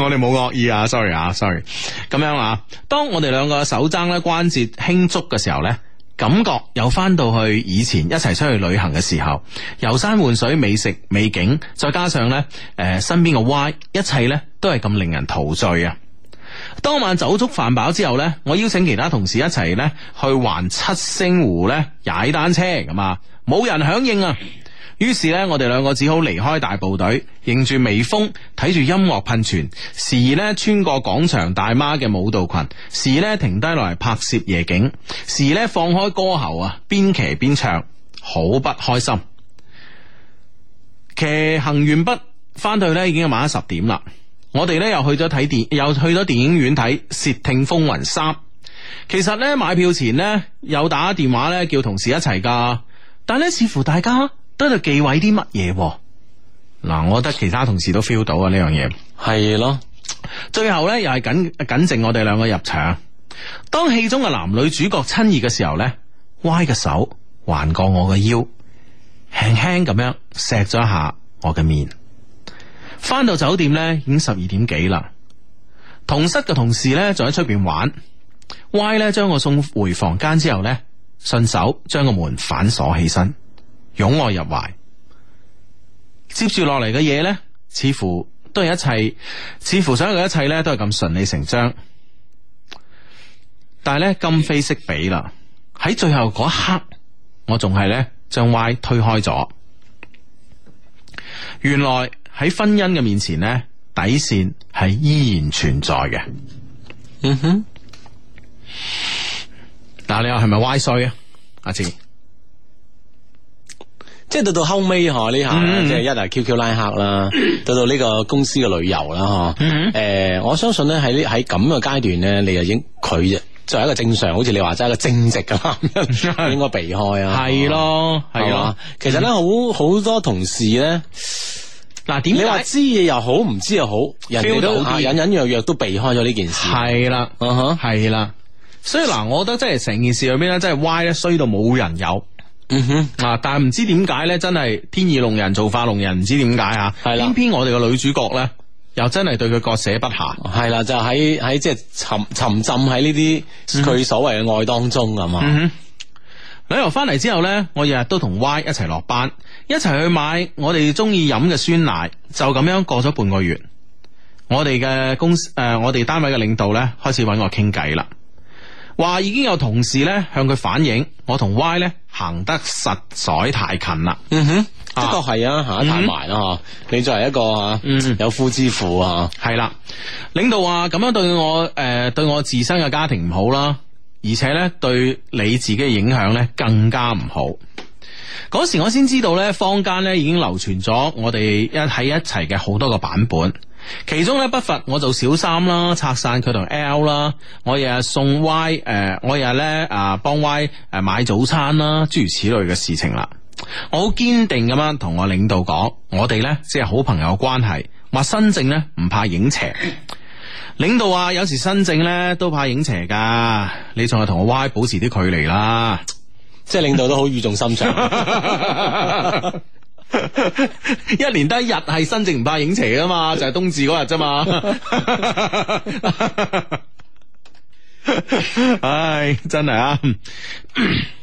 我哋冇惡意啊，sorry 啊，sorry，咁樣啊，當我哋兩個手踭咧關節輕觸嘅時候咧，感覺又翻到去以前一齊出去旅行嘅時候，遊山玩水、美食美景，再加上咧，誒、呃，身邊嘅 Y，一切咧都係咁令人陶醉啊！當晚酒足飯飽之後呢我邀請其他同事一齊呢去環七星湖呢踩單車咁啊，冇人響應啊。於是呢，我哋兩個只好離開大部隊，迎住微風，睇住音樂噴泉，時而呢穿過廣場大媽嘅舞蹈群，時而呢停低落嚟拍攝夜景，時而呢放開歌喉啊，邊騎邊唱，好不開心。騎行完畢翻去呢，已經晚黑十點啦。我哋咧又去咗睇電，又去咗電影院睇《竊聽風雲三》。其實咧買票前咧，有打電話咧叫同事一齊噶。但係咧似乎大家都喺度忌諱啲乜嘢。嗱、啊，我覺得其他同事都 feel 到啊呢樣嘢。係咯，的最後咧又係僅僅剩我哋兩個入場。當戲中嘅男女主角親熱嘅時候咧，Y 嘅手環過我嘅腰，輕輕咁樣錫咗一下我嘅面。翻到酒店咧，已經十二點幾啦。同室嘅同事咧，就喺出邊玩。Y 咧將我送回房間之後咧，順手將個門反鎖起身，擁我入懷。接住落嚟嘅嘢咧，似乎都係一切，似乎所有嘅一切咧，都係咁順理成章。但係咧，今非昔比啦。喺最後嗰一刻，我仲係咧將 Y 推開咗。原來。喺婚姻嘅面前咧，底線係依然存在嘅。嗯哼，嗱，你話係咪歪衰啊？阿志，即係到到後尾嗬呢下，即係一係、嗯、Q Q 拉客啦，嗯、到到呢個公司嘅旅遊啦嗬。誒、嗯哼呃，我相信咧喺呢喺咁嘅階段咧，你就應佢就係一個正常，好似你話齋一個正直噶啦，嗯嗯、應該避開啊。係咯，係咯。其實咧，好好多同事咧。嗱，點解你話知嘢又好，唔知又好，人哋都隱隱約約都避開咗呢件事。係啦的，嗯哼、uh，係、huh. 啦，所以嗱，我覺得真係成件事入邊咧，真係歪咧衰到冇人有，嗯哼、uh，啊、huh.，但係唔知點解咧，真係天意弄人，造化弄人，唔知點解啊，係、uh huh. 偏偏我哋個女主角咧，又真係對佢割捨不下，係啦、uh huh.，就喺喺即係沉沉浸喺呢啲佢所謂嘅愛當中咁啊。Uh huh. uh huh. 旅遊翻嚟之後呢，我日日都同 Y 一齊落班，一齊去買我哋中意飲嘅酸奶，就咁樣過咗半個月。我哋嘅公司誒、呃，我哋單位嘅領導呢，開始揾我傾偈啦，話已經有同事呢向佢反映，我同 Y 呢行得實在太近啦。嗯哼，的確係啊吓，是是啊行得太埋啦，嗯、你作為一個有夫之婦啊，係啦，嗯，領導話咁樣對我誒、呃，對我自身嘅家庭唔好啦。而且咧，對你自己嘅影響咧更加唔好。嗰時我先知道咧，坊間咧已經流傳咗我哋一喺一齊嘅好多個版本，其中咧不乏我做小三啦，拆散佢同 L 啦，我日日送 Y，誒，我日係咧啊幫 Y 誒買早餐啦，諸如此類嘅事情啦。我好堅定咁樣同我領導講，我哋咧只係好朋友關係，話身正咧唔怕影斜。」領導話有時新正咧都怕影邪噶，你仲係同我 Y 保持啲距離啦。即係領導都好語重心長， 一年得一日係新正唔怕影邪噶嘛，就係、是、冬至嗰日啫嘛。唉、 哎，真係啊！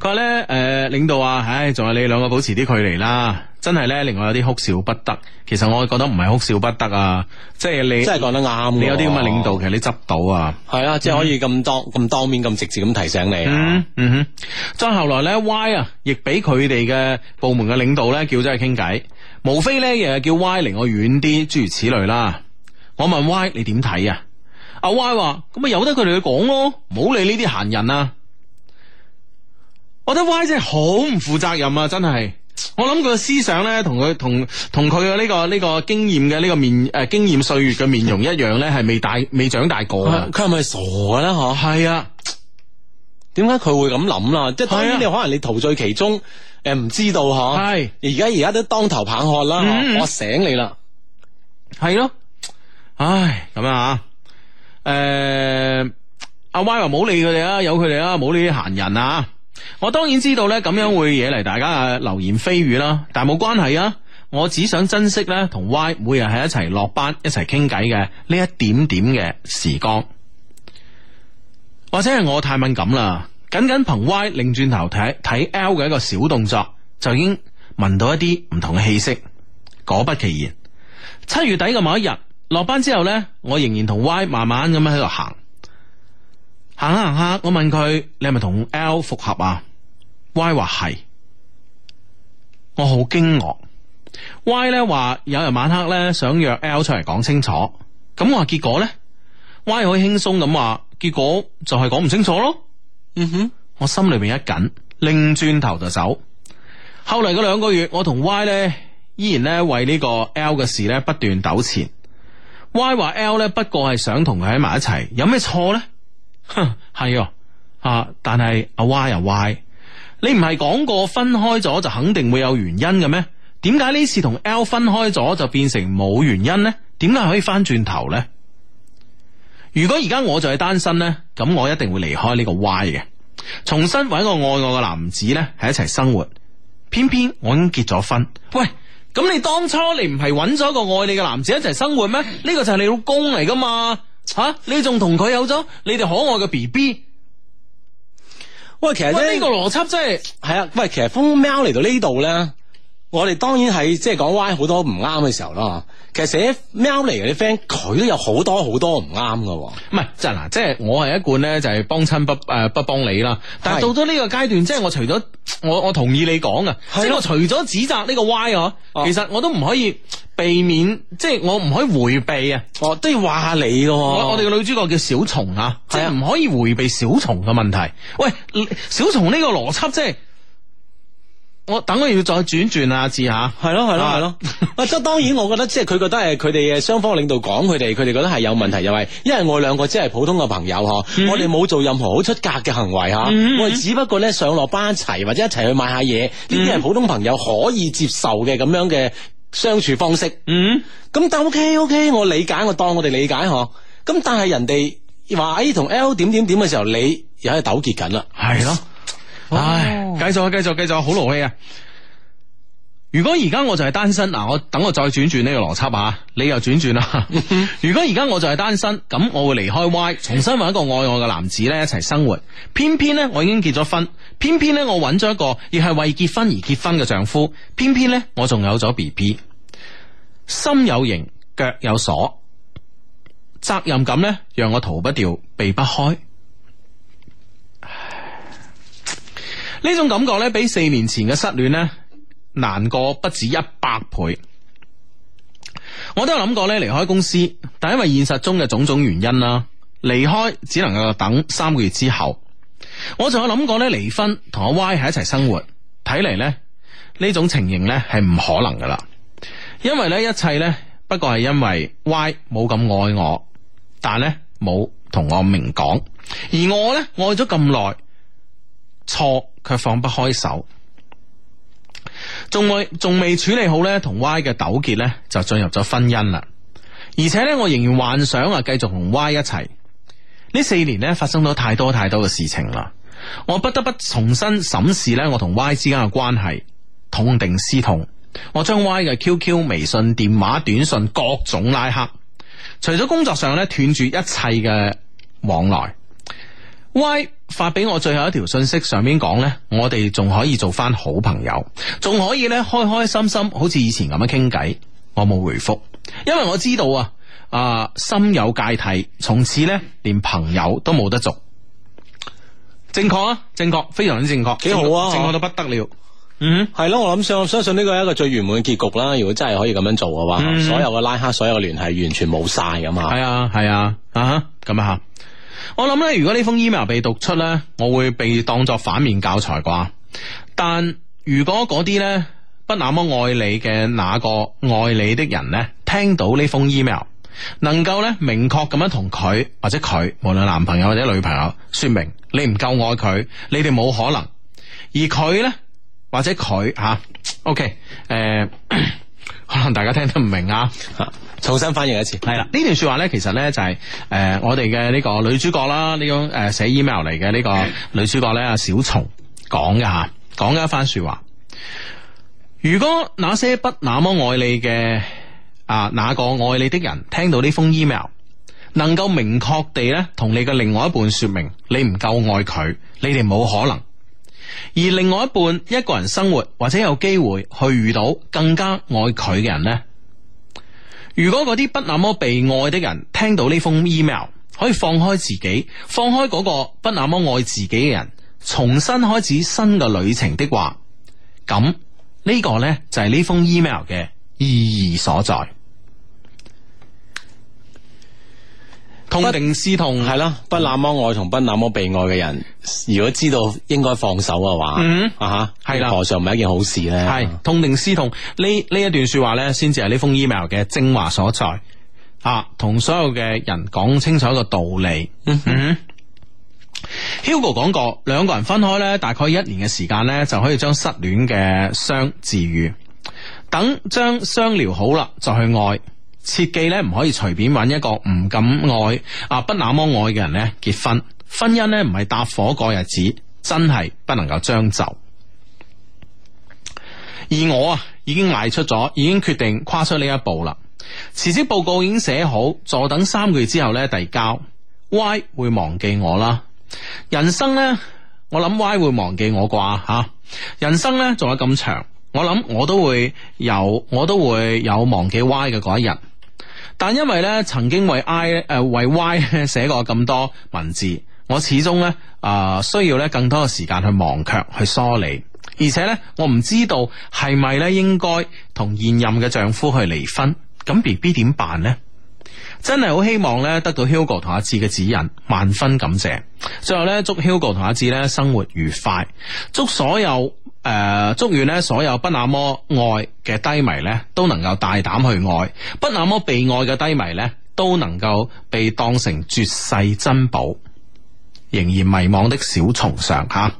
佢話咧，誒、呃，領導啊，唉、哎，仲有你兩個保持啲距離啦，真係咧令我有啲哭笑不得。其實我覺得唔係哭笑不得啊，即係你真係講得啱，你有啲咁嘅領導，其實你執到啊，係啊、嗯，即係可以咁當咁、嗯、當面咁直接咁提醒你、啊嗯。嗯哼。再後來咧，Y 啊，亦俾佢哋嘅部門嘅領導咧叫咗去傾偈，無非咧又係叫 Y 離我遠啲，諸如此類啦。我問 Y 你點睇啊？阿 Y 話咁咪由得佢哋去講咯，冇理呢啲閒人啊。我覺得 Y 真係好唔負責任啊！真係，我諗佢嘅思想咧，同佢同同佢嘅呢個呢、呢個經驗嘅呢個面誒、呃、經驗歲月嘅面容一樣咧，係未大未長大過嘅啊！佢係咪傻咧？吓，係啊！點解佢會咁諗啦？即係當然你可能你陶醉其中誒，唔、呃、知道吓。係而家而家都當頭棒喝啦！嗯、我醒你啦，係咯、啊，唉，咁啊誒、呃，阿 Y 話冇理佢哋啊，有佢哋啊，冇好理啲閒人啊。我當然知道咧，咁樣會惹嚟大家流言蜚語啦，但冇關係啊！我只想珍惜咧同 Y 每日喺一齊落班一齊傾偈嘅呢一點點嘅時光，或者係我太敏感啦，僅僅憑 Y 擰轉頭睇睇 L 嘅一個小動作，就已經聞到一啲唔同嘅氣息。果不其然，七月底嘅某一日落班之後呢，我仍然同 Y 慢慢咁樣喺度行。行下行下，我問佢：你係咪同 L 復合啊？Y 話係，我好驚愕。Y 咧話有日晚黑咧想約 L 出嚟講清楚，咁我話結果咧，Y 好輕鬆咁話結果就係講唔清楚咯。嗯哼、mm，hmm. 我心裏邊一緊，擰轉頭就走。後來嗰兩個月，我同 Y 咧依然咧為呢個 L 嘅事咧不斷糾纏。Y 話 L 咧不過係想同佢喺埋一齊，有咩錯咧？哼，係哦，啊，但係阿 Y 又 Y，你唔係講過分開咗就肯定會有原因嘅咩？點解呢次同 L 分開咗就變成冇原因呢？點解可以翻轉頭呢？如果而家我就係單身呢，咁我一定會離開呢個 Y 嘅，重新揾一個愛我嘅男子呢，喺一齊生活。偏偏我已經結咗婚，喂，咁你當初你唔係揾咗一個愛你嘅男子一齊生活咩？呢個就係你老公嚟噶嘛？吓、啊！你仲同佢有咗你哋可愛嘅 B B，喂，其實呢、這個邏輯真係係啊！喂，其實風貓嚟到呢度咧。我哋當然係即係講歪好多唔啱嘅時候啦，其實寫喵嚟嘅啲 friend 佢都有好多好多唔啱嘅喎。唔係真啊，即係我係一貫咧就係幫親不誒不幫你啦。但係到咗呢個階段，即係我除咗我我同意你講啊，即係我除咗指責呢個歪啊。其實我都唔可以避免，即係我唔可以迴避啊，哦，都要話你嘅啊。我哋個女主角叫小松啊，即係唔可以迴避小松嘅問題。喂，小松呢個邏輯即係。我等我要再轉轉下字吓，係咯係咯係咯，啊即 當然，我覺得即係佢覺得係佢哋嘅雙方領導講佢哋，佢哋覺得係有問題，又係，因為我兩個只係普通嘅朋友嗬，mm hmm。我哋冇做任何好出格嘅行為吓，mm hmm。我哋只不過咧上落班一齊或者一齊去買下嘢，呢啲係普通朋友可以接受嘅咁樣嘅相處方式。嗯、mm，咁但 O K O K，我理解我當我哋理解嗬，咁但係人哋話喺同 L 點點點嘅時候，你又喺度糾結緊啦，係咯。唉，繼續繼續繼續，好勞氣啊！如果而家我就係單身，嗱，我等我再轉轉呢個邏輯啊，你又轉轉啦。 如果而家我就係單身，咁我會離開 Y，重新揾一個愛我嘅男子咧一齊生活。偏偏咧我已經結咗婚，偏偏咧我揾咗一個亦係為結婚而結婚嘅丈夫，偏偏咧我仲有咗 BB，心有型，腳有鎖，責任感咧讓我逃不掉，避不開。呢種感覺咧，比四年前嘅失戀咧難過不止一百倍。我都有諗過咧離開公司，但因為現實中嘅種種原因啦，離開只能夠等三個月之後。我仲有諗過咧離婚同阿 Y 喺一齊生活，睇嚟咧呢種情形咧係唔可能噶啦，因為呢一切咧不過係因為 Y 冇咁愛我，但係咧冇同我明講，而我咧愛咗咁耐。錯卻放不開手，仲未仲未處理好咧，同 Y 嘅糾結咧就進入咗婚姻啦。而且咧，我仍然幻想啊，繼續同 Y 一齊。呢四年咧發生咗太多太多嘅事情啦，我不得不重新審視咧我同 Y 之間嘅關係，痛定思痛，我將 Y 嘅 QQ、微信、電話、短信各種拉黑，除咗工作上咧斷絕一切嘅往來，Y。發俾我最後一條信息，上面講呢：「我哋仲可以做翻好朋友，仲可以呢開開心心，好似以前咁樣傾偈。」我冇回復，因為我知道啊，啊，心有芥蒂，從此呢連朋友都冇得做。正確啊，正確，非常之正確，幾好啊，正確確到不得了。嗯哼，係咯，我諗，我相信呢個係一個最圓滿嘅結局啦。如果真係可以咁樣做嘅話，嗯、哼所有嘅拉黑，所有嘅聯繫，完全冇晒㗎嘛。係啊，係啊，啊咁啊。我諗呢，如果呢封 email 被讀出呢，我會被當作反面教材啩。但如果嗰啲呢，不那麼愛你嘅那個愛你的人呢，聽到呢封 email，能夠呢，明確咁樣同佢或者佢無論男朋友或者女朋友說明你唔夠愛佢，你哋冇可能。而佢呢，或者佢吓、啊、OK 誒、呃。 可能大家聽得唔明啊，重新翻譯一次。係啦的，呢的段說話咧，其實咧就係誒，我哋嘅呢個女主角啦，呢種誒寫 email 嚟嘅呢個女主角咧，阿小松講嘅吓，講嘅一番說話。如果那些不那麼愛你嘅啊，那個愛你的人聽到呢封 email，能夠明確地咧同你嘅另外一半說明，你唔夠愛佢，你哋冇可能。而另外一半一個人生活，或者有機會去遇到更加愛佢嘅人呢？如果嗰啲不那麼被愛的人聽到呢封 email，可以放開自己，放開嗰個不那麼愛自己嘅人，重新開始新嘅旅程的話，咁呢個呢就係呢封 email 嘅意義所在。痛定思痛，係啦了，不那麼愛同不那麼被愛嘅人，如果知道應該放手嘅話，嗯、啊吓哈，係啦的，何嘗唔係一件好事咧？係痛定思痛呢？呢、嗯、一段說話咧，先至係呢封 email 嘅精華所在啊！同所有嘅人講清楚一個道理。嗯哼、嗯嗯、Hugo 講過，兩個人分開咧，大概一年嘅時間咧，就可以將失戀嘅傷治癒。等將傷療好啦，就去愛。切記咧唔可以隨便揾一個唔咁愛啊，不那麼愛嘅人咧結婚，婚姻咧唔係搭伙過日子，真係不能夠將就。而我啊已經邁出咗，已經決定跨出呢一步啦。辭職報告已經寫好，坐等三個月之後咧遞交。Y 會忘記我啦？人生呢，我諗 Y 會忘記我啩吓？人生呢，仲有咁長，我諗我都會有我都會有忘記 Y 嘅嗰一日。但因為咧，曾經為 I 誒為 Y 寫過咁多文字，我始終咧啊需要咧更多嘅時間去忘卻，去梳理，而且咧我唔知道係咪咧應該同現任嘅丈夫去離婚，咁 B B 點辦呢？真係好希望咧得到 Hugo 同阿志嘅指引，萬分感謝。最後咧，祝 Hugo 同阿志咧生活愉快，祝所有。誒，祝願咧所有不那麼愛嘅低迷咧，都能夠大膽去愛；不那麼被愛嘅低迷咧，都能夠被當成絕世珍寶。仍然迷茫的小蟲上吓，誒、啊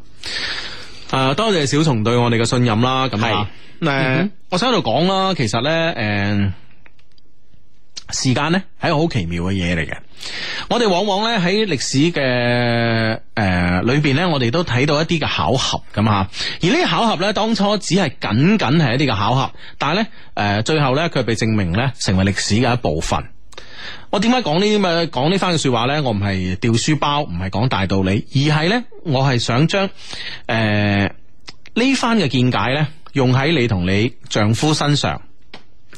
啊，多謝小蟲對我哋嘅信任啦。咁、啊、係，誒是、嗯，我想喺度講啦，其實咧，誒、嗯。時間呢係一個好奇妙嘅嘢嚟嘅，我哋往往呢喺歷史嘅誒、呃、裏邊呢，我哋都睇到一啲嘅巧合咁吓，而呢啲巧合呢，當初只係僅僅係一啲嘅巧合，但係呢誒、呃、最後呢，佢被證明呢成為歷史嘅一部分我。我點解講呢啲咁講呢番嘅說話呢，我唔係掉書包，唔係講大道理，而係呢。我係想將誒呢番嘅見解呢，用喺你同你丈夫身上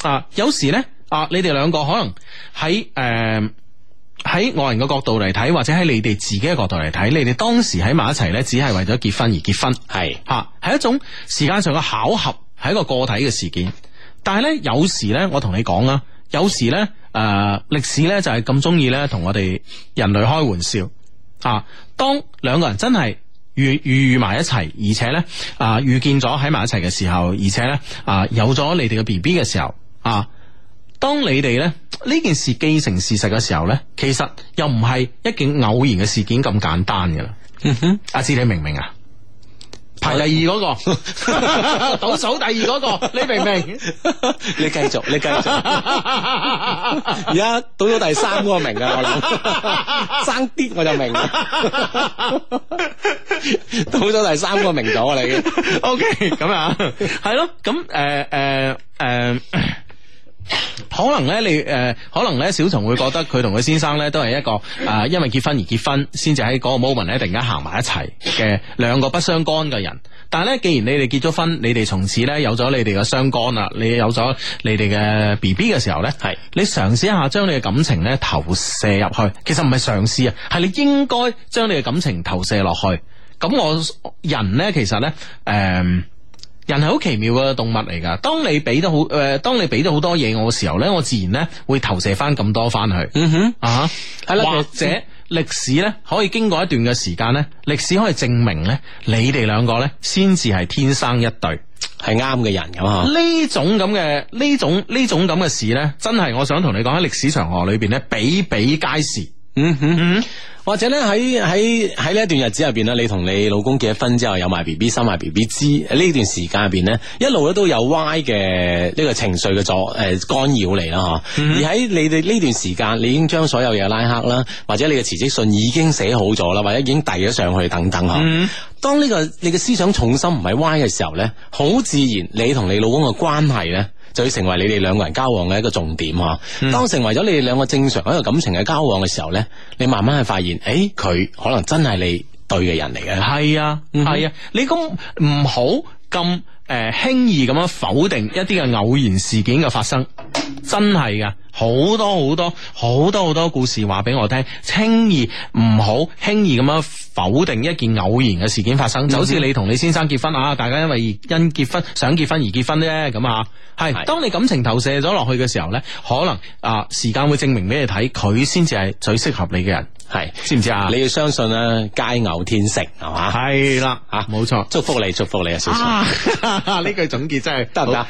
啊。有時呢。啊！你哋兩個可能喺誒，喺外人嘅角度嚟睇，或者喺你哋自己嘅角度嚟睇，你哋當時喺埋一齊呢只係為咗結婚而結婚，係吓，係是、啊、一種時間上嘅巧合，係一個個體嘅事件。但係呢，有時呢，我同你講啊，有時呢，誒、呃、歷史呢就係咁鍾意呢，同我哋人類開玩笑啊。當兩個人真係遇遇埋一齊，而且呢，啊遇見咗喺埋一齊嘅時候，而且呢，啊有咗你哋嘅 BB 嘅時候啊。啊啊當你哋咧呢件事既成事實嘅時候咧，其實又唔係一件偶然嘅事件咁簡單嘅啦。阿芝，你明唔明啊？排第二嗰個，倒數第二嗰個，你明唔明？你繼續，你繼續。而家倒咗第三個名嘅，我諗，爭啲我就明。倒咗第三個名咗我哋嘅，OK，咁啊，係咯，咁誒誒誒。可能咧，你誒，可能咧，小松會覺得佢同佢先生咧都係一個誒，因為結婚而結婚，先至喺嗰個 moment 咧，突然間行埋一齊嘅兩個不相干嘅人。但係咧，既然你哋結咗婚，你哋從此咧有咗你哋嘅相干啦，你有咗你哋嘅 B B 嘅時候咧，係是你嘗試一下將你嘅感情咧投射入去，其實唔係嘗試啊，係你應該將你嘅感情投射落去。咁我人咧，其實咧，誒、呃。人係好奇妙嘅動物嚟噶，當你俾到好誒、呃，當你俾到好多嘢我嘅時候呢，我自然咧會投射翻咁多翻去。嗯哼，啊、uh，係、huh. 啦， 或者歷史呢，可以經過一段嘅時間呢，歷史可以證明呢，你哋兩個呢先至係天生一對，係啱嘅人咁。呢種咁嘅呢種呢種咁嘅事咧，真係我想同你講喺歷史長河裏邊呢，比比皆是。嗯哼哼，嗯、或者咧喺喺喺呢一段日子入邊咧，你同你老公結咗婚之後有埋 B B 生埋 B B 之呢段時間入邊咧，一路咧都有歪嘅呢、呢個情緒嘅阻誒干擾你啦吓，嗯、而喺你哋呢段時間，你已經將所有嘢拉黑啦，或者你嘅辭職信已經寫好咗啦，或者已經遞咗上去等等吓。嗯、當呢、呢個你嘅思想重心唔係歪嘅時候咧，好自然你同你老公嘅關係咧。就會成為你哋兩個人交往嘅一個重點嗬。嗯、當成為咗你哋兩個正常一個感情嘅交往嘅時候咧，你慢慢去發現，誒、欸，佢可能真係你對嘅人嚟嘅。係啊，係啊，你咁唔好咁。誒，輕易咁樣否定一啲嘅偶然事件嘅發生，真係噶，好多好多好多好多故事話俾我聽。輕易唔好輕易咁樣否定一件偶然嘅事件發生，就好似你同你先生結婚啊，大家因為因結婚想結婚而結婚啫。咁啊係。是當你感情投射咗落去嘅時候呢，可能啊時間會證明俾你睇，佢先至係最適合你嘅人。係，知唔知啊？你要相信啊，雞牛天成，係嘛？係啦，吓，冇錯。祝福你，祝福你啊，小陳。呢句總結真係得唔得？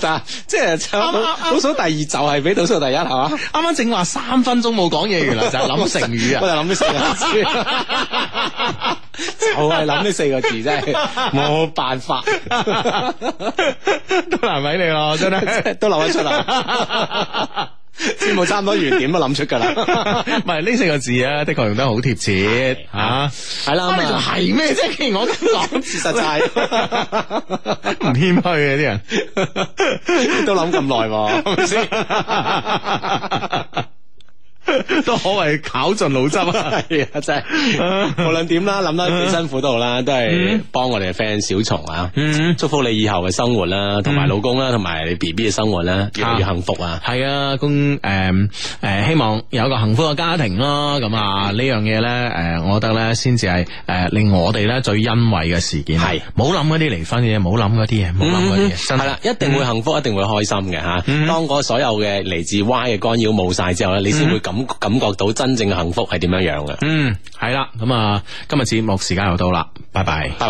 得，即係倒數第二就係俾倒數第一，係嘛？啱啱正話三分鐘冇講嘢，原來就諗成語啊！我就諗呢四成字，就係諗呢四個字真啫，冇辦法，都難為你咯，真係，都留得出嚟。節目差唔多完，點都諗出噶啦，唔係呢四個字啊，的確用得好貼切吓，係啦、啊，係咩啫？既然我都講 實晒、就是，唔謙虛啊啲人， 都諗咁耐喎，係咪先？都可謂絞盡腦汁啊！係啊，真係，無論點啦，諗得幾辛苦都好啦，都係幫我哋嘅 friend 小松啊，嗯，祝福你以後嘅生活啦，同埋老公啦，同埋你 B B 嘅生活啦，越來越幸福啊！係啊，咁誒誒，希望有一個幸福嘅家庭咯。咁啊，呢樣嘢咧，誒，我覺得咧，先至係誒令我哋咧最欣慰嘅事件係，冇諗嗰啲離婚嘅嘢，冇諗嗰啲嘢，冇諗嗰啲嘢，係啦，一定會幸福，一定會開心嘅吓。當嗰所有嘅嚟自 Y 嘅干擾冇晒之後咧，你先會咁。咁感覺到真正嘅幸福係點樣樣嘅？嗯，嗯，係啦。咁啊，今日節目時間又到啦，拜拜，拜拜。